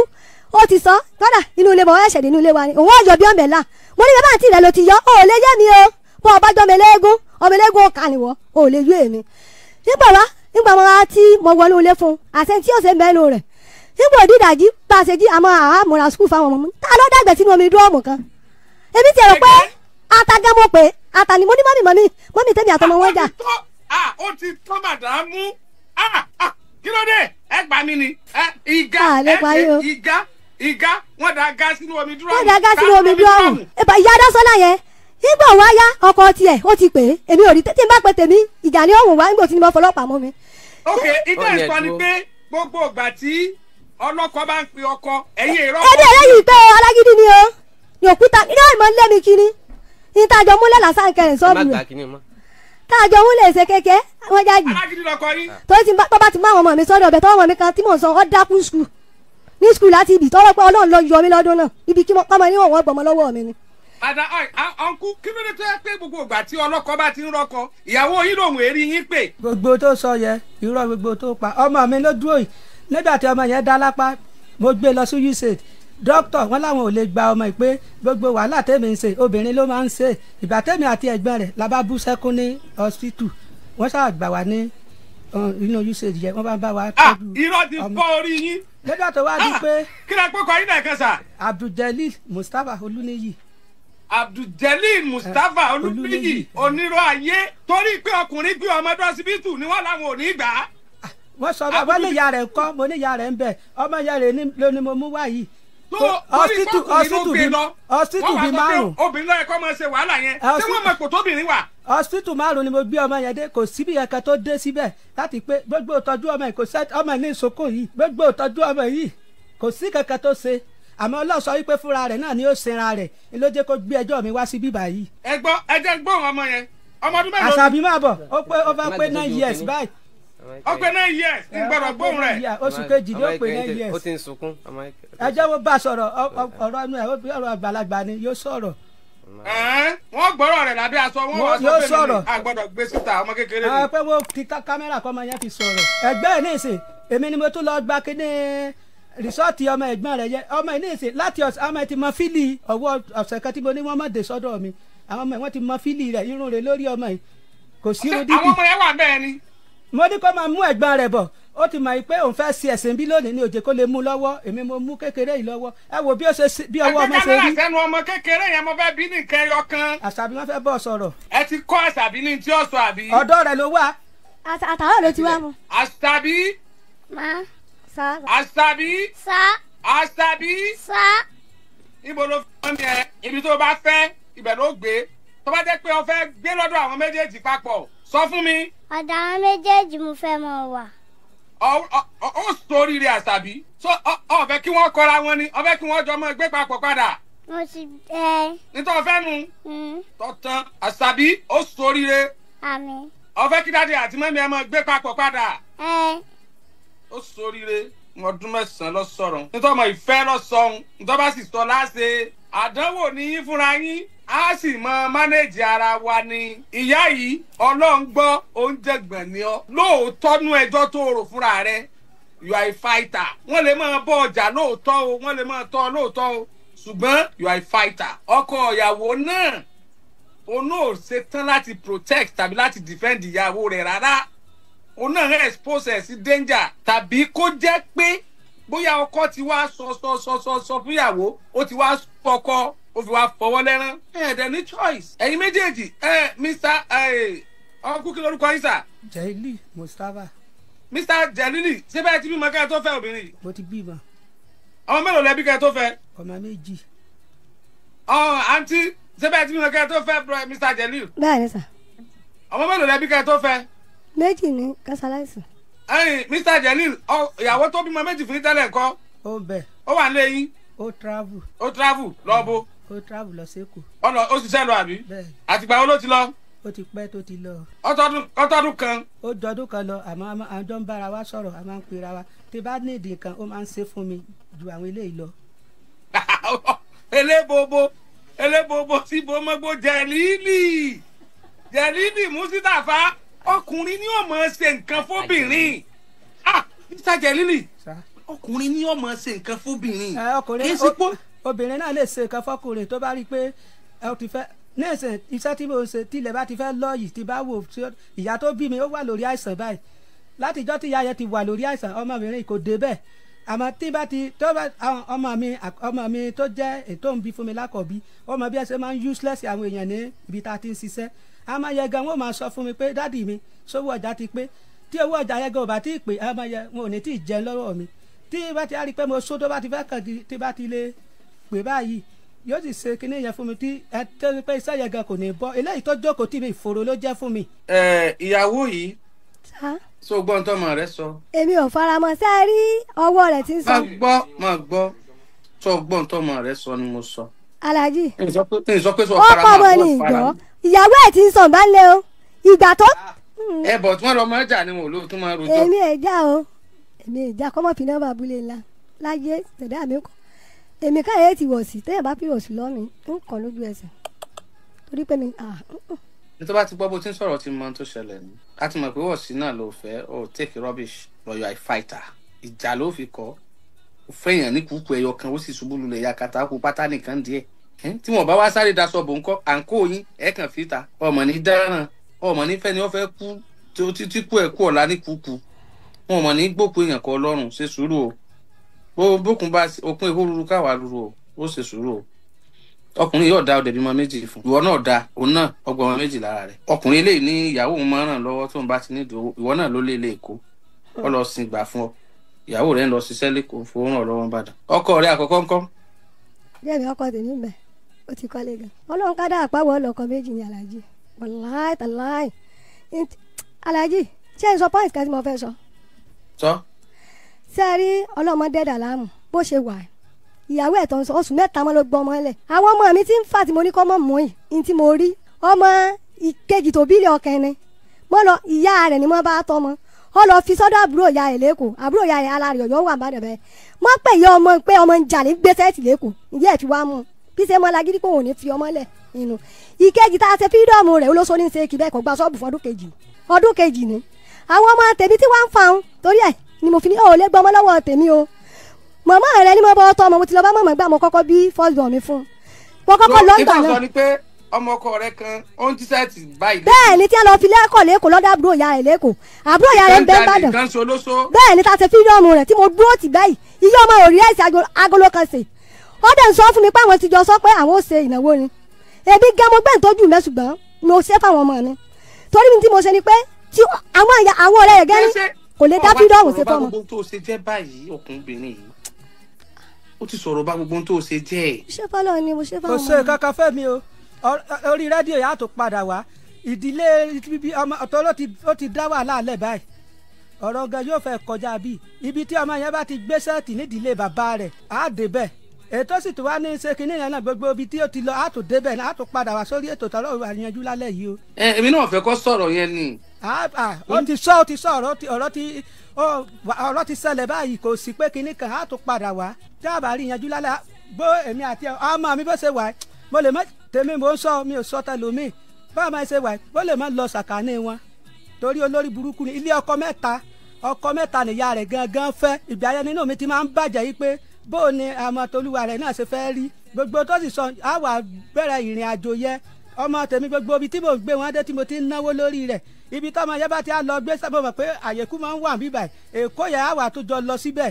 ó ti sọ kọ́dà inú ilé mọ̀ ọ́ ẹ̀ṣẹ̀ nínú ilé wa ni òun ọ̀yọ́ bí ọ̀mẹ̀ là mo ní bàbá àǹtí rẹ̀ ló ti yọ ọ́ ò lè yé mi o bọ́ ọba jọ ọmọ eléégún ọmọ eléégún ó kàn wọ́ ò lè yé mi. nígbà wá nígbà wọn tí mo wọnú ilé fún ataga mo pé ata ni mo ní mọ́mì mọ́mì mọ́mì tẹ́mi àtọmọ wọn jà. ó ti tán màdàmú ah, ah, kí ló dé ẹ gbà mí ni ìga ìga ìga wọn da ga sínú omi dúró. wọn da ga sínú omi dúró ìyá adásọ́lá yẹn nígbà wá yá ọkọ tiẹ̀ ó ti pè é èmi ò rí tí n bá pe tèmi ìjà ni ọ̀hún wá nígbà tí mo fọlọ́pàá mọ́ mi. ok ìdá ìsọ ni pé gbogbo ìgbà tí ọlọ́kọ bá ń pe ọkọ ẹ̀yin ìrọ́pọ̀. ẹni ẹlẹ́yìí pé alágídí ni o ní òkúta iná ìmọ̀ ní tájọ múlẹ̀ lásán kẹrin sọ́ọ̀bù rẹ̀ tájọ múlẹ̀ ṣe kéke wọ́n jáde ah. tó bá ti mú àwọn ọmọ mi sọ́dọ̀ ọ̀bẹ tọ́wọ́ ọmọ mi kan tí mò ń sọ ọ́ dákú skul ní skul láti ibì tọ́wọ́ pé ọlọ́run lọ yọ mí lọ́dún náà ibi kí ọmọ ní wọ́n gbọmọ lọ́wọ́ mi ni. padà ọ̀nkú kí ló dé tó yẹ pé gbogbo ìgbà tí ọlọ́kọ bá ti ń rọkọ ìyàwó yín lòun èrí yín pè. gbogbo tó sọ yẹ irọ́ gbogbo tó pa ọmọ mi ló dúró yìí nígbà tí ọmọ yẹn dá lápá mo gbé lọ sí usaid dókítà wọn làwọn ò lè gba ọmọ yìí pé gbogbo wàhálà tèmi ń ṣe obìnrin ló máa ń ṣe ìgbà tèmi àti ẹ̀gbọ́n rẹ̀ la bá bú sẹ́kún ní ọsítù wọ́n ṣáà gbà wá ní uh, inú usage yẹn wọ́n bá bá wa ah, tọ́jú ọmọ. irọ́ ti fọ́ orí yín. lọ́jọ́ tó wá di ah, pé. kí ni àpòkọ yín náà kẹsà. abduljelil mustapha olúniyì abduljelil eh, mustapha olùbíyì onírò ayé torí pé ọkùnrin gbé ọmọ dọ́sibítù ni wọ́n làwọn ò ní gbà ah, wọ́n sọ wọ́n ní ìyá rẹ̀ kọ́ mo ní ìyá rẹ̀ ń bẹ̀ ọmọ ìyá rẹ̀ ló ni mo mú wá ọsítù ọsítù bí ọsítù bí márùn. obìnrin lọ́yẹ̀ kọ́ máa ṣe wàhálà yẹn ṣé wọ́n mọ̀ kò tóbìnrin wà. ọsítù márùn ni mo gbé ọmọ yẹn dé kò síbi kankan tó dé síbẹ̀ láti pé gbogbo ìtọ́jú ọmọ yìí kò sẹ́ ọmọ ní ìsoko yìí gbogbo ìtọ́jú ọmọ yìí kò sí kankan tó ṣe àmọ́ Ọlọ́run sọ wípé fúnra rẹ̀ náà ni ó sinra rẹ̀ ló jẹ́ kó gbé ẹjọ́ mi wá sí bíbá yìí. ẹ gbọ́ ẹ jẹ́ gbóhùn ọmọ yẹn ọmọ ọdún mẹ́rin. àṣàbí máa bọ̀ ó pé ó fẹ́ pé nine years báyìí ọpẹ náà yẹ gbọ́dọ̀ gbóhùn rẹ. oṣù kejì ni ó pè náà yẹ. ó ti ń sunkún. ẹ jẹ́ wo bá sọ̀rọ̀ ọ̀rọ̀ inú ẹ̀ ọ̀rọ̀ àgbàlagbà ni yóò sọ̀rọ̀. wọ́n gbọ́rọ̀ rẹ̀ lábẹ́ aṣọ wọn wọ́n sọ pé a gbọ́dọ̀ gbé síta ọmọ kékeré ni. pé wo ti kámẹ́rà kọ́ ọmọ yẹn fi sọ̀rọ̀ ẹgbẹ́ ẹ̀ níìsín èmi ni mo tún lọ gba kíní rìsọ́ọ̀tì ọmọ ẹ̀gbọ́n rẹ̀ yẹ ọmọ ẹ̀ níìsín láti ọmọ ẹ̀ ti mọ fílì ọwọ́ ọ̀sẹ̀ kan tí mo ní wọ́n mọ̀ dé sọ́dọ̀ mi àwọn ọmọ ẹ̀ wọ́n ti mọ fílì rẹ̀ irun rẹ̀ lórí ọmọ ẹ̀ kò sí irun àwọn ọmọ yẹn wà bẹ́ẹ̀ ni mo ní kó máa mú ẹ̀gbọ́n rẹ̀ bọ̀ ó ti mọ̀ pé òun fẹ́ ṣe ẹ̀sìn bí lónìí ní òjò kó lè mú lọ́wọ́ èmi mo mú kékeré yìí lọ́wọ́ ẹ wo bí ó ṣe bí ọwọ́ ọmọ ṣe rí. ẹgbẹ́ sẹ́nu ọmọ kékeré yẹn mo fẹ́ bí ní nǹkan ẹyọ kan. àṣàbí wọn fẹ́ bọ̀ sọ̀rọ̀. ẹ ti kọ́ àṣàbí ní tí ó sọ àbí. ọ̀dọ́ rẹ̀ ló wà. àtàwọn ló ti wá mu. àṣàbí. má sá. àṣàbí. sá. àṣàbí. sá. ibo ló fọ́ mi ẹ ibi tó bá fẹ́ ibẹ̀ ló gbé tó bá jẹ́ pé o fẹ́ gbé lọ́dọ̀ àwọn méjèèjì papọ̀ sọ fún mi. ọ̀dọ̀ àwọn méjèèjì mo fẹ́ mọ wà. ó sórí rẹ̀ àṣàbí ó fẹ́ kí wọ́n kọ́ra wọn ni ó fẹ́ kí wọ́n jọ mọ́ ẹgbẹ́ papọ̀ padà. mo ti bẹ. nítorí ọ̀fẹ́ nu. Hmm. tọ̀tàn àṣàbí ó sórí rẹ̀. àmín. ó fẹ́ kí dáadé àti mọ́mí ẹ mọ́ ẹgbẹ́ papọ̀ padà. ó sórí rẹ̀ ọdún mẹ́sàn-án lọ sọ̀rọ̀ nítorí ọmọ ìfẹ́ lọ sọ̀hún nítorí bá sì sọ láṣẹ àdánwò ní yín fúnra yín a sì mọ mánéèjì ara wa ni ìyá yìí ọlọ́run gbọ́ oúnjẹ gbọ̀n ni ọ́ lóòótọ́ nú ẹjọ́ tó rò fúnra rẹ you are a fighter wọ́n lè máa bọ́ ọjà lóòótọ́ o wọ́n lè máa tọ́ lóòótọ́ o ṣùgbọ́n you are a fighter ọkọ ìyàwó náà òun náà ṣetán láti protect tàbí láti defend ìyàwó rẹ̀ rárá òun náà expose ẹ̀ sí danger tàbí kó jẹ́ pé bóyá ọkọ ti wá sọ sọ sọ sọ sọ fúnyàwó ó ti wá fọkọ ó fi wá fọwọ́ lẹ́rán ẹ̀ dẹ̀ ní choice ẹ̀yin méjèèjì ẹ̀ mr ọkùnrin kí lorúkọ yín sà. jẹ́lí mustapha. mr jẹ́lílì ṣé bẹ́ẹ̀ ti bímọ ká tó fẹ́ obìnrin yìí. mo ti bímọ. ọmọ mélòó lẹ bí ká tó fẹ́. ọmọ méjì. ọ àǹtí ṣé bẹ́ẹ̀ ti bímọ ká tó fẹ́ mr jẹ́lí. báyìí sà. ọmọ mélòó lẹ bí ká tó fẹ́. méjì ní kásáláìsì. ẹ̀yin mr jẹ́lí ìyàwó tó bímọ méjì fún yín tẹ́lẹ̀ ńkọ́. ó bẹ̀. ó wà ní eyín. ó travel. ó travel lọ́ọ́ bo. Mm -hmm ó travel lọ sẹ́kù. ọlọ ó ti sẹ́nu àbí. bẹ́ẹ̀ àtìgbà wo ló ti lọ. ó ti pẹ́ tó ti lọ. ọtọ́dún kan. ó jọdún kan lọ àmọ́ àjọ ń bára wa sọ̀rọ̀ a máa ń pera wa tí bá ní ìdí kan ó máa ń ṣe fún mi ju àwọn eléyìí lọ. elébobo elébobo sí bomogbo jẹ̀lílì jẹ̀lílì mùsítàfà ọkùnrin ni ó máa ṣe nǹkan fóbìnrin ah mr jẹ̀lílì ọkùnrin ni ó máa ṣe nǹkan fóbìnrin eh, kì í sí pọ́ obìnrin náà lè ṣe nǹkan fọkùnrin tó bá rí i pé ẹ ti fẹ́ nẹ́ẹ̀sẹ̀ iṣẹ́ tí mo ṣe tilẹ̀ bá ti fẹ́ lọ yìí ti bá wò ìyá tó bí mi ó wà lórí àìsàn báyìí látijọ́ tí ìyá yẹn ti wà lórí àìsàn ọmọbìnrin kò dé bẹ́ẹ̀ àmọ́ tí bá ti tó bá ọmọ mi ọmọ mi tó jẹ́ ètò ń bí fún mi lákọ̀ọ́bí ọmọ bí ẹ ṣe máa ń useless àwọn èèyàn ní ibi tá a ti ń ṣiṣẹ́ àmọ́ yẹ gan wọ́n máa sọ fún mi pé dáàdì mi sówó ọjà ti pé tí owó ọjà yẹn gan ò bá tí ì pé àmọ́ yẹ wọn ò ní tí ì jẹun lọ́wọ́ mi tí bá ti á rí i pé mo só bá ti fẹ́ kàn tí bá ti lé pè báyìí yóò sì ṣe kinní yẹn fún mi tí ẹ tó pé iṣẹ́ yẹn gan kò ní bọ́ eléyìí tó jókòó tì mí ìfòrò ló jẹ́ fún mi. ẹ ìyàwó yìí so gbọ́n tọmọ rẹ sọ. èmi ò faramọ́ sẹ́ rí ọwọ́ rẹ̀ ti ń sọ. máa gbọ́ máa gbọ́ tó gbọ́n tọmọ rẹ sọ ni mo sọ. aláàjì ọkọ mọ ni ìgbọ́ ìyàwó ẹ̀ ti ń sàn bá lé o ìgbà tó. Hmm. ẹ bọ̀ tí wọ́n lọ máa jà ni mo lóòótọ́ máa rojọ́. èmi ẹ̀ já o èmi ẹ̀ já kọ́mọ́fin náà bàbúlé ńlá láyé tẹ̀dá mi kọ́ èmi ká èyí ti wọ̀ sí téèyàn bá fi wọ̀ sí lọ́mìn ń kàn lójú ẹsẹ̀ torí pé mi. ní bá ti gbọ́ bó ti ń sọ̀rọ̀ ti mọ tó ṣẹlẹ̀ ni a ti mọ̀ pé wọ̀ sí náà ló fẹ́ ó take rubbish lọ́yọ̀ àìfàìtà ìjà ló fi kọ́ ó fẹ́yàn ní kúkú ẹyọ kan ó sì ṣubú lulẹ̀ ya kàtàkù pátá nìkan díẹ̀ tí wọn bá wá sáré daṣọ bò ń kọ́ à ń kó yín ẹ̀ kàn fi ta ọmọ ní dáràn ọmọ ní fẹ́ni wọ́n fẹ́ kú títí kú ẹ̀ kú ọ̀la ní kúkú wọn ọmọ ní gbòkú èèyàn kọ́ ọlọ́run ṣe sùúrù o bókun bá òkun èwo ruru káwa ruru o ó ṣe sùúrù o ọkùnrin yóò da ọdẹ bímọ méjì fún ìwọ náà da òun náà ọgbà ọmọ méjì lára rẹ ọkùnrin eléyìí ní ìyàwó òun máa ràn lọ́wọ́ tóun bá ti ní ìdòwò ìwọ náà ló lé ilé èkó ọ lọ sin ìgbà fún ọ ìyàwó rẹ ń lọ ṣiṣẹ́ lẹ́kọ̀ọ́ fowó ràn lọ́wọ́ ń bàdàn ọkọ rẹ àkọ́kọ́ ńkọ́. bẹ́ẹ̀ni ọkọ tèmi bẹ ó ti kọ́lé gan Ọlọ́run ká dá àpáwọ ọlọkọ méjì ní alájí wàláì tàláì alájí ṣé n sọ pọ́ìntì kan tí mo fẹ́ sọ. sọ ṣé ẹ rí ọlọ́mọ dẹ́dà láàmú bó ṣe wà ìyàwó ẹ̀ tó ń sọ oṣù mẹ́ta mọ́ ló gbọ́ ọmọ ẹlẹ̀ àwọn ọmọ mi ti ń fà tí mo ní kọ́ mọ́ mú yìí ní tí mo rí ọmọ ìkejì tó bílẹ̀ ọkẹni mo lọ ìyá rẹ̀ ni mo bá tọmọ ọ lọ fi sọ́dọ̀ àbúrò ìyá rẹ̀ lẹ́kọ̀ọ́ àbúrò ìyá rẹ̀ aláàrẹ̀ ọ̀yọ́ wà bàdàn bẹ́ẹ̀ mo pè yọ ọmọ pé ọmọ ń jà ní gbèsè ti lẹ́kọ̀ọ́ ìyá ẹ̀ fi wá mú bí ṣe mọ́ lagídí pé òun ní fi ọmọ lẹ̀ inú ìkejì tá a ṣe fídọ́ọ̀mù rẹ̀ olóso ní ṣe kì bẹ́ẹ̀ kọ́ gba ṣọ́ọ̀bù fọdún kejì ọdún kejì ni àwọn ọmọ tèmi tí wọ́n ń fa òun torí ẹ̀ ni mo fi ní ọ oh, ò gbọmọ lọ́wọ́ tèmi o màmá rẹ ni mo bọ ọtọ ọmọ mo ti lọ bá màmá gbà mo kọ́kọ́ bí first mi fún mo kọ́kọ́ lọ nígbà náà. ọmọ ọkọ rẹ kan ó ń tíṣẹ́ẹ̀tì báyìí. bẹ́ẹ̀ ni tí a lọ fi lẹ́kọ̀ọ́ lẹ́kọ̀ọ́ lọ́dọ̀ àbúrò ìyá rẹ̀ lẹ́kọ̀ọ́ àbúrò ìyá rẹ̀ ń bẹ Ìbàdàn. bẹ́ẹ̀ ni ta ṣe fídíọ̀mù rẹ̀ tí mo dúró tì báyìí iye ọmọ òrí ẹ̀sì agolo kan sè. ó dẹ̀ ń sọ fún mi pé àwọn ti jọ sọ pé àwọn ò ṣe ìnáwó ni. ebi gan mo gbẹ̀ǹ tójú mẹ́ mo ṣe fáwọn ọmọ mi. torí mi tí mo ṣe ni pé tí àwọn ọ̀rẹ́ rẹ̀ gẹ́ni kò lè dá fídọ́ọ̀mù sí fọ́ọ̀mù. gbogbo tó o ṣe jẹ́ báyìí ọkùnrin yìí ó ti sọ̀rọ̀ bá gbogbo tó o ṣe jẹ́ ẹ̀. ṣé fọlọ ni mo ṣe fọlọ. kò ṣe kankan fẹ́ mi o orí rédíò yàtò padà wá ìdílé bíbí ọmọ ọ̀tọ́ ló ti dá wàhálà alẹ́ báyìí ọ̀rọ̀ gan yóò fẹ́ kọjá bíi ibi tí ọmọ yẹn bá ti gbé sẹ́ẹ̀tì nídìílé bàbá rẹ̀ á dé bẹ́ẹ̀ ètò sì tó wá ní ṣe kínní yẹn náà gbogbo ibi tí ó ti lọ á tó dé bẹ́ẹ̀ náà á tó padà wá sórí ètò tọ́lọ́ àyànjú lálẹ́ yìí o. ẹ èmi náà fẹ́ kọ́ sọ̀rọ̀ yẹn ni Ah, ah, ó ti sọ ó ti sọ ọ̀rọ̀ ti ọ̀rọ̀ ti ṣẹlẹ̀ báyìí kò sí pé kinní kan á tún padà wá dábàá rí yanjú lálẹ́ bó èmi àti ọmọ mi bó ṣe wà mo lè má tèmi mò ń sọ mi ò sọ tẹlómi báwo máa ṣe wà bó lè má lọ sàkání wọn torí olórí burúkú ni ilé ọkọ mẹ́ta ọkọ mẹ́ta nìyá rẹ̀ gangan fẹ́ ìgbà yẹn nínú mi ti máa ń bàjẹ́ yìí pé bó ni àmọ́ tolúwa rẹ̀ náà ṣe fẹ́ rí gbogbo tó sì sọ á bẹ̀rẹ̀ ìrìn àjò yẹn ọmọ tèmi gbogbo ibi tí mò ń gbé wọn dé tí mo ti ń náwó lórí rẹ̀ ibi tọ́mọ yẹn bá ti á lọ gbé sábà mọ̀ pé àyèkú máa ń wà bí báyìí èkó yẹn á wà tó jọ lọ síbẹ̀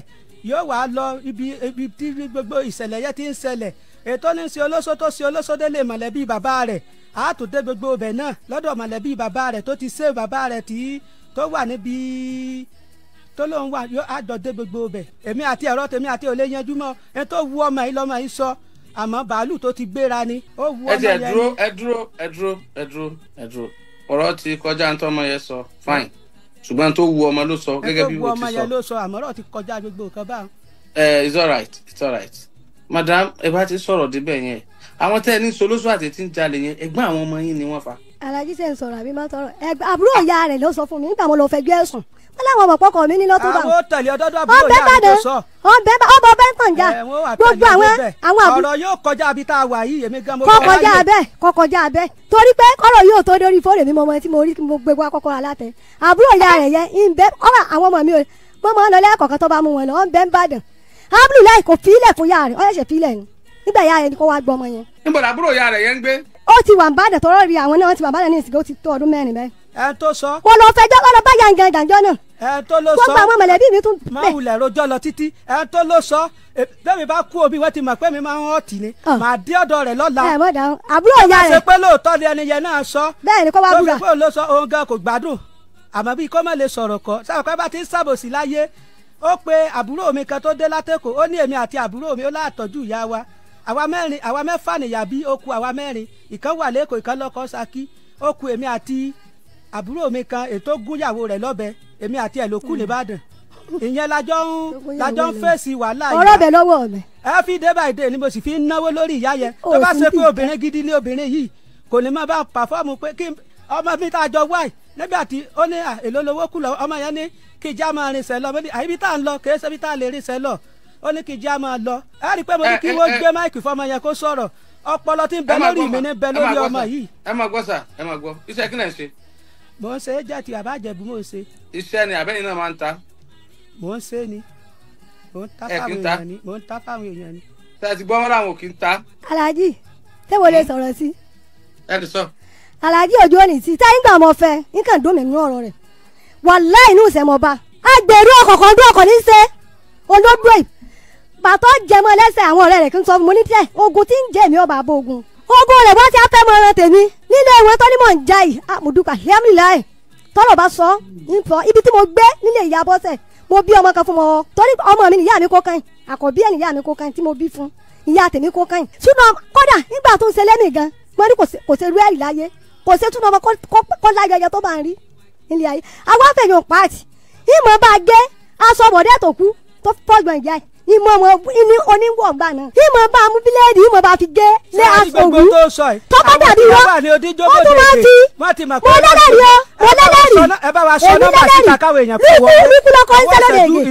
yóò wá lọ ibi ibi tí gbogbo ìṣẹ̀lẹ̀ yẹn ti ń ṣẹlẹ̀ ètò ní ṣe olóso tó ṣe olóso délé mọ̀lẹ́bí bàbá rẹ̀ á tún dé gbogbo ibẹ̀ náà lọ́dọ̀ mọ̀lẹ́bí bàbá rẹ̀ tó ti ṣe bàbá rẹ̀ tí tó wà níbi tó lóun wà yóò á jọ dé gbogbo ibẹ̀ èmi àti ẹ̀rọ tèmi àti òlé yanjú mọ́ ẹ tó wú ọmọ yìí lọ́mọ yìí sọ àmọ́ bàálù tó ti gbéra ni ó wu ọmọ yẹn ni. ẹ dúró ẹ dúró ẹ dúró ẹ dúró ẹ dúró ọ̀rọ̀ ti kọjá ní tọ́mọ yẹn sọ fine ṣùgbọ́n tó wu ọmọ ló sọ gẹ́gẹ́ bí mo ti sọ. ẹ tó wu ọmọ yẹn ló sọ àmọ́rọ̀ ti kọjá gbogbo nǹkan báwọn. ẹ it's alright it's alright madam ẹ bá ti sọ̀rọ̀ débẹ̀ yẹn àwọn tẹ́ ẹ ní solóso àti tí ń jalè yẹn ẹgbọ́n àwọn ọmọ yín ni wọ́n fa. alájí sẹ́ àbí má tọrọ àbúrò ìyá rẹ̀ ló sọ fún mi nígbà mo lọ fẹ́ gbé ẹ̀sùn wọ́n láwọn ọmọ pọkàn mi ní lọ́tún bá wọn. àwọn tẹ̀lé ọdọ́dọ́ àbúrò yà á tó sọ. ọbẹ̀ bá ọbọ̀ bẹ́ẹ̀ tàn já gbogbo àwọn àwọn àbúrò. ọ̀rọ̀ yóò kọjá àbí tá a wà yìí èmi gan mo kọ́ kọjá abẹ́ kọ́ kọjá abẹ́ torí pé kọ́rọ̀ yóò tó dórí fóònù mi mọ̀mọ́ tí mo rí mo gbé wá kọ́kọ́ alátẹ. àbúrò ya rẹ̀ yẹ ìbẹ́ ọ̀rọ̀ àwọn ọmọ mi ò mọ́ mọ́ lọ lẹ́ẹ̀kọ̀ọ̀kan tó bá mú wọn lọ ọ̀bẹ ń bàdàn. ábùrù láì kò fílẹ̀ fún ya rẹ̀ ó ṣẹ̀ṣẹ̀ fílẹ̀ ni nígbà ya rẹ̀ ni kò wá gbọ́ ọmọ yẹn. níbo làbúrò ya rẹ̀ yẹn ń gbé. ó ti wà ń bàdàn tọ́rọ̀ rí àwọn náà ti wà ń bàdàn ní ìsìnkú ó ti ẹ tó sọ. mo lọ fẹjọ́ kọ́ lọ bá yàǹgàn ìdàjọ́ náà ẹ tó ló sọ gbogbo àwọn mọ̀lẹ́bí mi tún bẹ̀. máa wulẹ̀ rojọ́ lọ títí ẹ tó ló sọ bẹ́ẹ̀ mi bá kú omi wọ́n ti mọ̀ pé mi máa ń hàn tì ní ah. màá dé ọ̀dọ̀ rẹ̀ lọ́la. ẹ bọ́dà àbúrò ìyá rẹ̀. ẹ ṣe pé lóòótọ́ ni ẹni yẹn náà sọ. bẹ́ẹ̀ ni kó wá búra. tó fi pé òun ló sọ òun gan kò gbádùn àmọ́ bí kò má lè sọ̀rọ̀ kọ́ sábà pé bá ti ń ṣàbòsí láyé ó pe àbúrò mi kan tó dé látẹ́kọ̀ọ́ ó ní èmi àti àbúrò mi ó láàtọ́jú ìyá wa àwa mẹ́rin àwa mẹ́fà nìyà ó ku àwa mẹ́rin ìkan wà lẹ́kọ̀ọ́ ìkan lọ́kọ́ Ṣakí ó ku èmi àti àbúrò mi kan ètò gúnyàwó rẹ̀ lọ́bẹ èmi àti ẹ̀ ló kù nìbàdàn ìyẹn lajọ ń lajọ ń fèsì wàhálà yìí. ọ̀rọ̀ bẹ̀ lọ́wọ́ mi. ẹ fi day by day ni mo sì fi ń náwó lórí ìyá yẹn tó bá ṣe pé obìnrin gidi ni obìnrin yìí kò ní máa bá pàfọ́ọ̀mù pé kí ọmọ mi tá a jọ wáì nígbà tí ó ní èlò lówó kù lọ ọmọ yẹn ní kí ìjà máa rinṣẹ́ lọ mo ní àyíbí tá à ń lọ kì í ṣe bí tá a lè rinṣẹ́ lọ ó ní kí ìjà máa lọ ẹ rí i pé mo ní kí eh, wọ́n eh, eh. gbé máìkì fọmọ yẹn kó sọ̀rọ̀ ọpọlọ tí ń bẹ lórí mi ní bẹ lórí ọmọ yìí. ẹ máa gbọ́ sà ẹ máa gbọ́ iṣẹ́ kí náà ṣe mò ń ṣe é jẹ́ ti bàbá àjẹ̀bú mò ń ṣe. iṣẹ́ ni àbẹ́yìn náà máa ń ta. mò ń ṣe ni mò ń ta fáwọn èèyàn ni mò ń ta fáwọn èèyàn ni. ṣe ti gbọ́ wọn làwọn ò kì í ta. aláàjì ṣé wo lè hmm? sọ̀rọ̀ sí. ẹ ti sọ. aláàjì òjò ní ti táyìn gbà mọ fẹ nǹkan dùn mí nínú ọ̀rọ̀ rẹ̀ wàláì inú ìṣẹ́ mọ bá agbèrú ọkọ̀ọ̀kan dún ọkọ̀ ní í ṣe olódùn bàtọ́ jẹmọ nílé ìwé tó ní mò ń já yìí mo dúpẹ́ alhamdulilayi tọ́lọ̀ bá sọ nǹkan ibi tí mo gbé nílé ìyá bọ́sẹ̀ mo bí ọmọ kan fún wọn torí ọmọ mi nìyá mi kó kan àkọ́bí ẹ̀ nìyá mi kó kan tí mo bí fún ìyá tèmi kó kan ṣùgbọ́n kódà nígbà tó ń ṣe lẹ́mìí gan mo rí kò ṣe rú ẹ̀rì láyé kò ṣe tún ọmọ kọ́ láyẹyẹ tó bá ń rí nílé ayé àwọn afẹ́yàn pààtì ìmọ̀ bá gé aṣọ ọmọdé tó kú tó fọ́gbọ̀n ìyá ẹ̀ ìmọ̀ ọmọ ní oníwọ̀nba náà ìmọ̀ bá mú bíléèdì ìmọ̀ bá fi gé lé asòwú tọ́pọ̀ dàbí wọ́n wọ́n tún wọ́n fi mọ lẹ́lẹ́rì o mọ lẹ́lẹ́rì èmi lẹ́lẹ́rì wíkú lọkọ̀ ń sẹ́lẹ̀ lè yé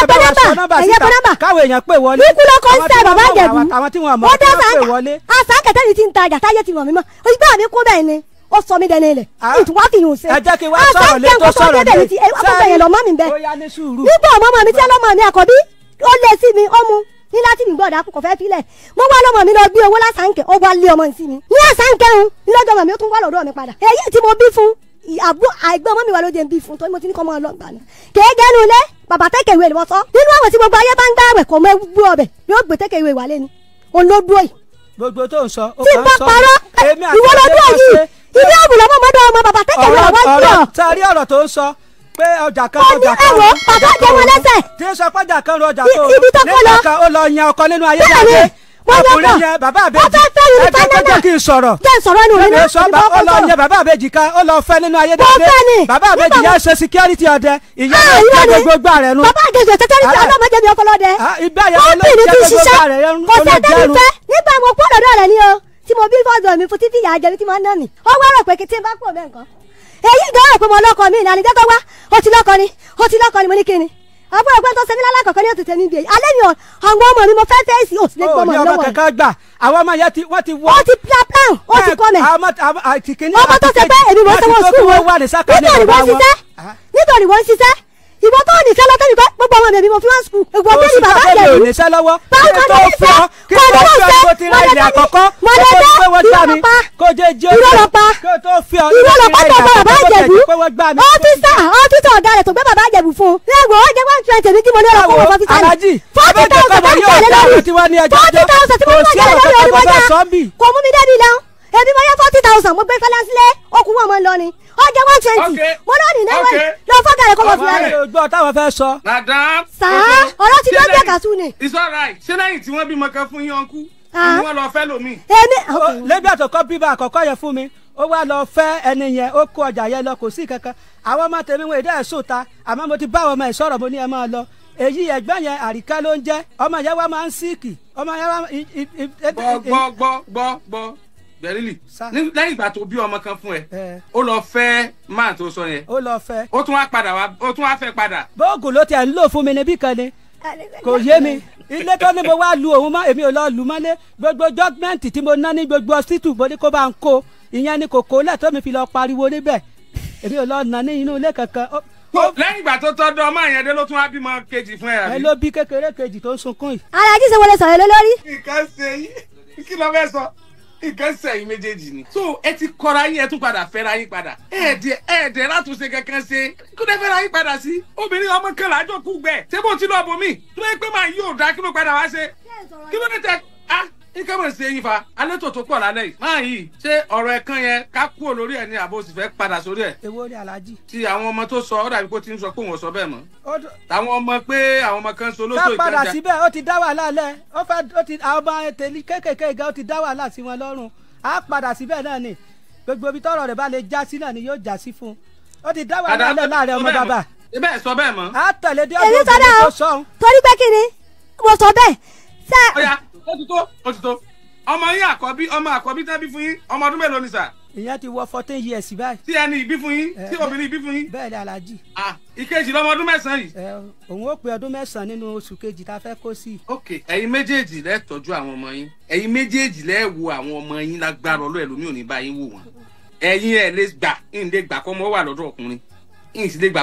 ẹ pẹ́ nọ́mbà ẹ̀yẹ pẹ́ nọ́mbà wíkú lọkọ̀ ń sẹ́ bàbá ìjẹ̀bú ó dé sàǹkà àsàǹkà tẹ́lẹ̀ ti ń tajà táyé ti mọ̀ mímọ́ ìgbà mi kú bẹ́ẹ̀ ni ó sọ mí dẹni ilẹ̀ ah. ìtura fi hùn sí. ẹ jẹ́ kí n wá sọ̀rọ̀ lé tó sọ̀rọ̀ lé sẹ́yìn ó yá ní sùúrù. nígbà ọmọ mi tí ọlọ́mọ mi àkọ́bí ó lé sí mi ó mu ní láti mi gbọ́dọ̀ akókò fẹ́ filẹ̀ mo wá lọ́mọ mi lọ gbé owó lásàǹkẹ́ ó wá lé ọmọ sí mi ní àsàǹkẹ́rùn lọ́jọ́ ọmọ mi ó tún wá lọ́dọ̀ mi padà èyí tí mo bí fún àgbẹ̀ ọmọ mi wà lóde ń bí fún torí mo ti ní kọ́ ọmọ ọlọ́gbà náà kèé gẹ́nu ilé bàbá tẹ́kẹ̀wé ni wọ́n sọ nínú àwọn tí gbogbo ayé bá ń gbàwẹ̀ kò mọ ewu ọbẹ̀ yóò gbé tẹ́kẹ̀wé wà lẹ́nu òun gbogbo tó ń sọ ó kàn sọ pé ọjà kan ọjà kan ẹni ẹwọ bàbá jẹ wọn lẹ́sẹ̀. tí ń sọ pé ọjà kan ro ọjà tó ibi tó kọ lọ nígbà kan ó lọ yan ọkọ nínú ayé dáadé ọkùnrin yẹn bàbá àbèjì ẹjẹ kọjá kí n sọ̀rọ̀ jẹ sọ̀rọ̀ nù rẹ náà ó lọ yan bàbá àbèjì kan ó lọ fẹ́ nínú ayé dáadé bàbá àbèjì yẹn ṣe security ọdẹ ìyá ah, rẹ gbogbo àrẹ nu. bàbá àgèjì security ọlọmọdé mi ọkọlọdẹ ó bì ní kí n ṣiṣẹ́ kò sẹ́tẹ́ni fẹ́ nígbà mo pọ̀ lọ́dọ̀ rẹ̀ ni o tí mo bí fọ́ọ̀dù mi fún títí ìyá jẹ mi tí mo ń ná mi ó wá rò pé kí tí n bá pọ̀ bẹ́ẹ̀ nǹkan èyí ìdáhùn pé mo lọ́kọ mi ìlànà ìjẹ́kọ̀ wá ó ti lọ́kọ ni ó ti lọ́kọ ni mo ní kíni àbúrò ọgbẹ́ tó sẹ́mi lálẹ́ kọ̀ọ̀kan ní òtútù ẹni bíi alẹ́ mi àwọn ọmọ mi mo fẹ́ fẹ́ sí òtún lẹ́gbọ́n mọ̀ lọ́wọ́ rẹ̀. ọmọ àwọn ọmọ yẹn ti wọ́n ti wọ́. ó ti pla plan ó ti kọ́mẹ̀. ọmọ tó ṣe pé èmi mo sọ wọn sùkúl wọn nítorí wọ́n ń ṣiṣẹ́ nítorí wọ́n ń ṣiṣẹ́ ìwọ tó ní sẹ́lọ́ tẹ́lifá gbogbo àwọn ẹ̀mí mo fi wọ́n sùkúù ìwọ tó ní bàbá ìyẹ̀wò. oṣù tó lọ báwo kan tó fẹ́ kí ló fẹ́ kó ti rẹ ilẹ̀ àkọ́kọ́ kó tó fẹ́ wọ́n gbà mí kó jẹ́ jẹ́ òkè kó tó fẹ́ ọ ìwọ lọ bá tó fẹ́ bàbá ìjẹ̀bú ọ́fíìsà ọ́fíìsà ọ̀gá rẹ̀ tó gbé bàbá ìjẹ̀bú fún un. ẹ wò ó jẹ́ one twenty ní kí mo lérò fún wọn fọ́fíìsì. fọ́fíìsì táwọn sọ̀tí mo ń gbà jẹ́ lórí ọjà one twenty mo lọ ní náírà yìí lọ fọ́gà rẹ̀ kọ́ mọ̀ fúnra rẹ̀. gbọ́ táwọn fẹ́ sọ. madam sàá ọ̀rọ̀ ti dọ́gbẹ́ kàtú ni. it's alright ṣé lẹ́yìn tí wọ́n bímọ kan fún yín ọ̀nkú ni wọ́n lọ fẹ́ lómi. èmi lẹ́bí àtọ̀kọ́ bíbá àkọ́kọ́ yẹn fún mi ó wá lọ fẹ́ ẹni yẹn ó kó ọjà yẹn lọ kò sí kankan àwọn ọmọ tèmi wọn èdè ẹ̀sùn ta àmọ́ mo ti bá àwọn ọmọ ẹ̀ sọ̀rọ̀ mo ní ẹ máa lọ èyí ẹ̀gbọ́n yẹn àríkà ló ń jẹ́ ọmọ yẹn wá máa ń síìkì ọmọ yẹn wá. gbọ́ gbọ́ gbọ́ gbọ́ bẹ́ẹ̀lì lẹ́yìn ìgbà tó bí ọmọ kan fún ẹ eh. ó lọ fẹ́ máa tó sọ yẹn ó lọ fẹ́ ó tún wá padà wá ó tún wá fẹ́ padà. bóògùn ló tiẹ̀ ń lò fún mi níbí kan ni kò yé mi ilé tó ní mo wá lu òun mọ́ èmi ò lọ lù mọ́lé gbogbo dọ́kímẹ́ǹtì tí mo ná ní gbogbo ọsítù mo ní kó bá ń kó ìyẹn ni kò kó lẹ̀ tó mi fi lọ pariwo níbẹ̀ èmi ò lọ nà ní inú ilé kankan. lẹ́yìn ìgbà tó tọ́jú ọmọ yẹn dé ló tún wá bímọ kejì fún ẹ. ẹ ló bí kékeré kejì tó ń sunkún yìí. alájí ṣe wọlé sọ̀rọ̀ lórí. nǹkan ṣe yí kí ló fẹ́ sọ nǹkan sẹ́yìn méjèèjì ni. so ẹ ti kọra yín ẹ tún padà fẹ́ra yín padà. ẹ̀ẹ́dẹ̀ ẹ̀ẹ́dẹ̀ látúnṣe kankan ṣe kí ló fẹ́ra yín padà sí. obìnrin ọmọ kan làájọ kú gbẹ ṣé bó ti lọ bomi tó yẹ pé màá yí òòdà kí ló padà wá ṣe kí ló dé tẹ ah! nǹkan mọ̀ sí eyín fa alétò tó pọ̀ lálẹ́ yìí máa yìí ṣé ọ̀rọ̀ ẹ̀kan yẹn ká kúrò lórí ẹ̀ ni àbò sì fẹ́ padà sórí ẹ̀. èwo ni aláàjì. ti àwọn ọmọ tó sọ ọ dàbí kó ti ń sọ pé òun ò sọ bẹ́ẹ̀ mọ́. táwọn ọmọ pé àwọn ọmọ kan so lóso ìkẹjà. ká padà síbẹ̀ ó ti dá wàhálà lẹ̀ ó fẹ́ ó ti àwọn ọmọ tèlí kéékèèké ìgá ó ti dá wàhálà sí wọn lọ́rùn á padà síbẹ̀ náà ni gbogbo ibi tọ́rọ̀ rẹ̀ bá lè já sí náà ni yóò já sí fún ó ti dá wàhálà lẹ̀ láàrin ọmọ bàbá. ibẹ̀ sọ bẹ́ẹ̀ mọ́. á tẹ̀lé dé ni mo sọ bẹ́ẹ̀ ó ti tó ó ti tó ọmọ yín àkọ́bí ọmọ àkọ́bí tẹ́ bí fún yín ọmọ ọdún mélòó ni sà. ìyá ti wọ fourteen years báyìí. tí ẹni ìbí fún yín tí eh, obìnrin ìbí fún yín. bẹ́ẹ̀ ni aláàjì. ah ìkejì lọmọ ọdún mẹ́sàn-án yìí. Eh, òun ó pe ọdún mẹ́sàn-án nínú oṣù kejì tá a fẹ́ kó sí. ok ẹ̀yin méjèèjì lẹ tọ́jú àwọn ọmọ yín ẹ̀yin méjèèjì lẹ wo àwọn ọmọ yín lágbára ọlọ́ ẹ̀lómi ò ní bá yín wò wọ́n ẹ̀yin ẹ̀ lè gbà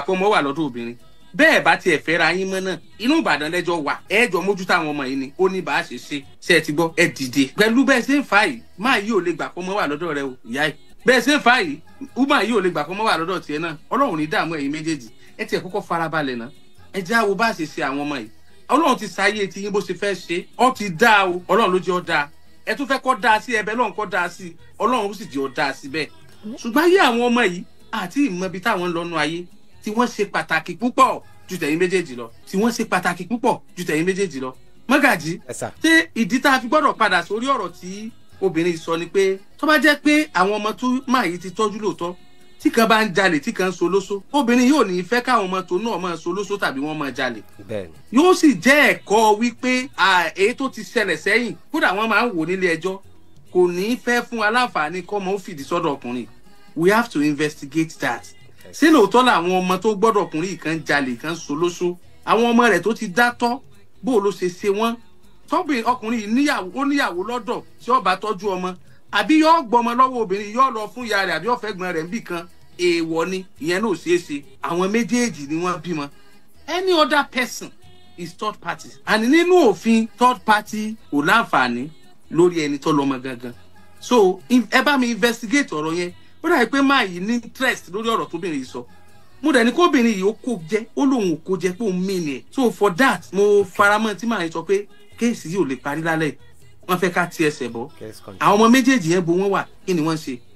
bẹ́ẹ̀ bá tiẹ̀ fẹ́ ra yín mọ́ náà inú ìbàdàn lẹ́jọ́ wà ẹ̀ẹ́jọ́ mójútó àwọn ọmọ yìí ni ó ní bá a ṣe ṣe ṣe ẹ ti gbọ́ ẹ dìde pẹ̀lú bẹ́ẹ̀ ṣe ń fa yìí máa yí ò lè gbà fọmọ wà lọ́dọ̀ rẹ o ìyá yìí bẹ́ẹ̀ ṣe ń fa yìí uma yìí ò lè gbà fọmọ wà lọ́dọ̀ tiẹ̀ náà ọlọ́run ní dààmú ẹ̀yin méjèèjì ẹ tiẹ̀ kọ́kọ́ farabalẹ̀ náà ẹ já wo bá a ṣe ṣe àwọn ọmọ yìí ọlọ́run ti sáyé ti yín bó ṣe fẹ́ ṣe ọ ti dáa o ọlọ́run ló jẹ́ ọ dáa ẹ tún fẹ́ kọ́ dáa sí ẹbẹ̀ lọ́run kọ́ dáa sí ọlọ́run ṣùgbọ́n ayé àwọn ọmọ yìí àti ìmọ̀bi táwọn ń lọ́nu ayé tí wọ́n ṣe pàtàkì púpọ̀ ju tẹ̀yin méjèèjì lọ tí wọ́n ṣe pàtàkì púpọ̀ ju tẹ̀yin méjèèjì lọ. mọ́gàjì ṣé ìdí tá a fi gbọ́dọ̀ padà sórí ọ̀rọ̀ tí obìnrin sọ ni pé tó bá jẹ́ pé àwọn ọmọ tó máa yìí ti tọ́jú lóòótọ́ tí kan bá ń jalè tí kan ń solóso obìnrin yóò ní fẹ́ káwọn ọmọ tó náà máa solóso tàbí wọ́n máa jalè. yóò sì jẹ́ ẹ̀kọ́ wípé èyí tó ti ṣẹlẹ̀ sẹ́yìn kódà wọ́n máa ń wò nílé ẹjọ́ kò ní fẹ́ fún aláǹfààní kọ́mọ ó fìdí sọ́dọ̀ ọkùnrin we have to investigate that ṣé lóòótọ́ làwọn ọmọ tó gbọ́dọ̀ ọkùnrin kan jalè kan solóso àwọn ọmọ rẹ̀ tó ti dátọ́ bó ló ṣe ṣe wọ́n tọ́bìn ọkùnrin níyàwó ó níyàwó lọ́dọ̀ tí ó tọ́jú ọmọ àbí yóò gbọmọ lọ́wọ́ obìnrin yóò lọ fún ìyá rẹ̀ àbí ó gbọ́n rẹ̀ níbì kan èèwọ̀ ni ìyẹn náà ṣeé ṣe àwọn méjèèjì ni wọ́n bímọ any other person is third party and nínú òfin third party ò láǹfààní lórí ẹni tó lọ́mọ gangan so ẹ bá mi investigate ọ̀rọ̀ yẹn ó dàbí pé máa yìí ní interest lórí ọ̀rọ̀ tóbìnrin yìí sọ mo dẹ̀ ní kóbìnrin yìí ó kó jẹ́ ó lóun ò kó jẹ́ pé òun mí nìyẹn so for that mo faramọ́ tí màá yẹn sọ pé kéèsì yìí ò lè parí lálẹ́ wọ́n fẹ́ ká ti ẹsẹ̀ bọ́ àwọn ọmọ méjèèjì yẹn bo wọ́n wà kí ni wọ́n ṣe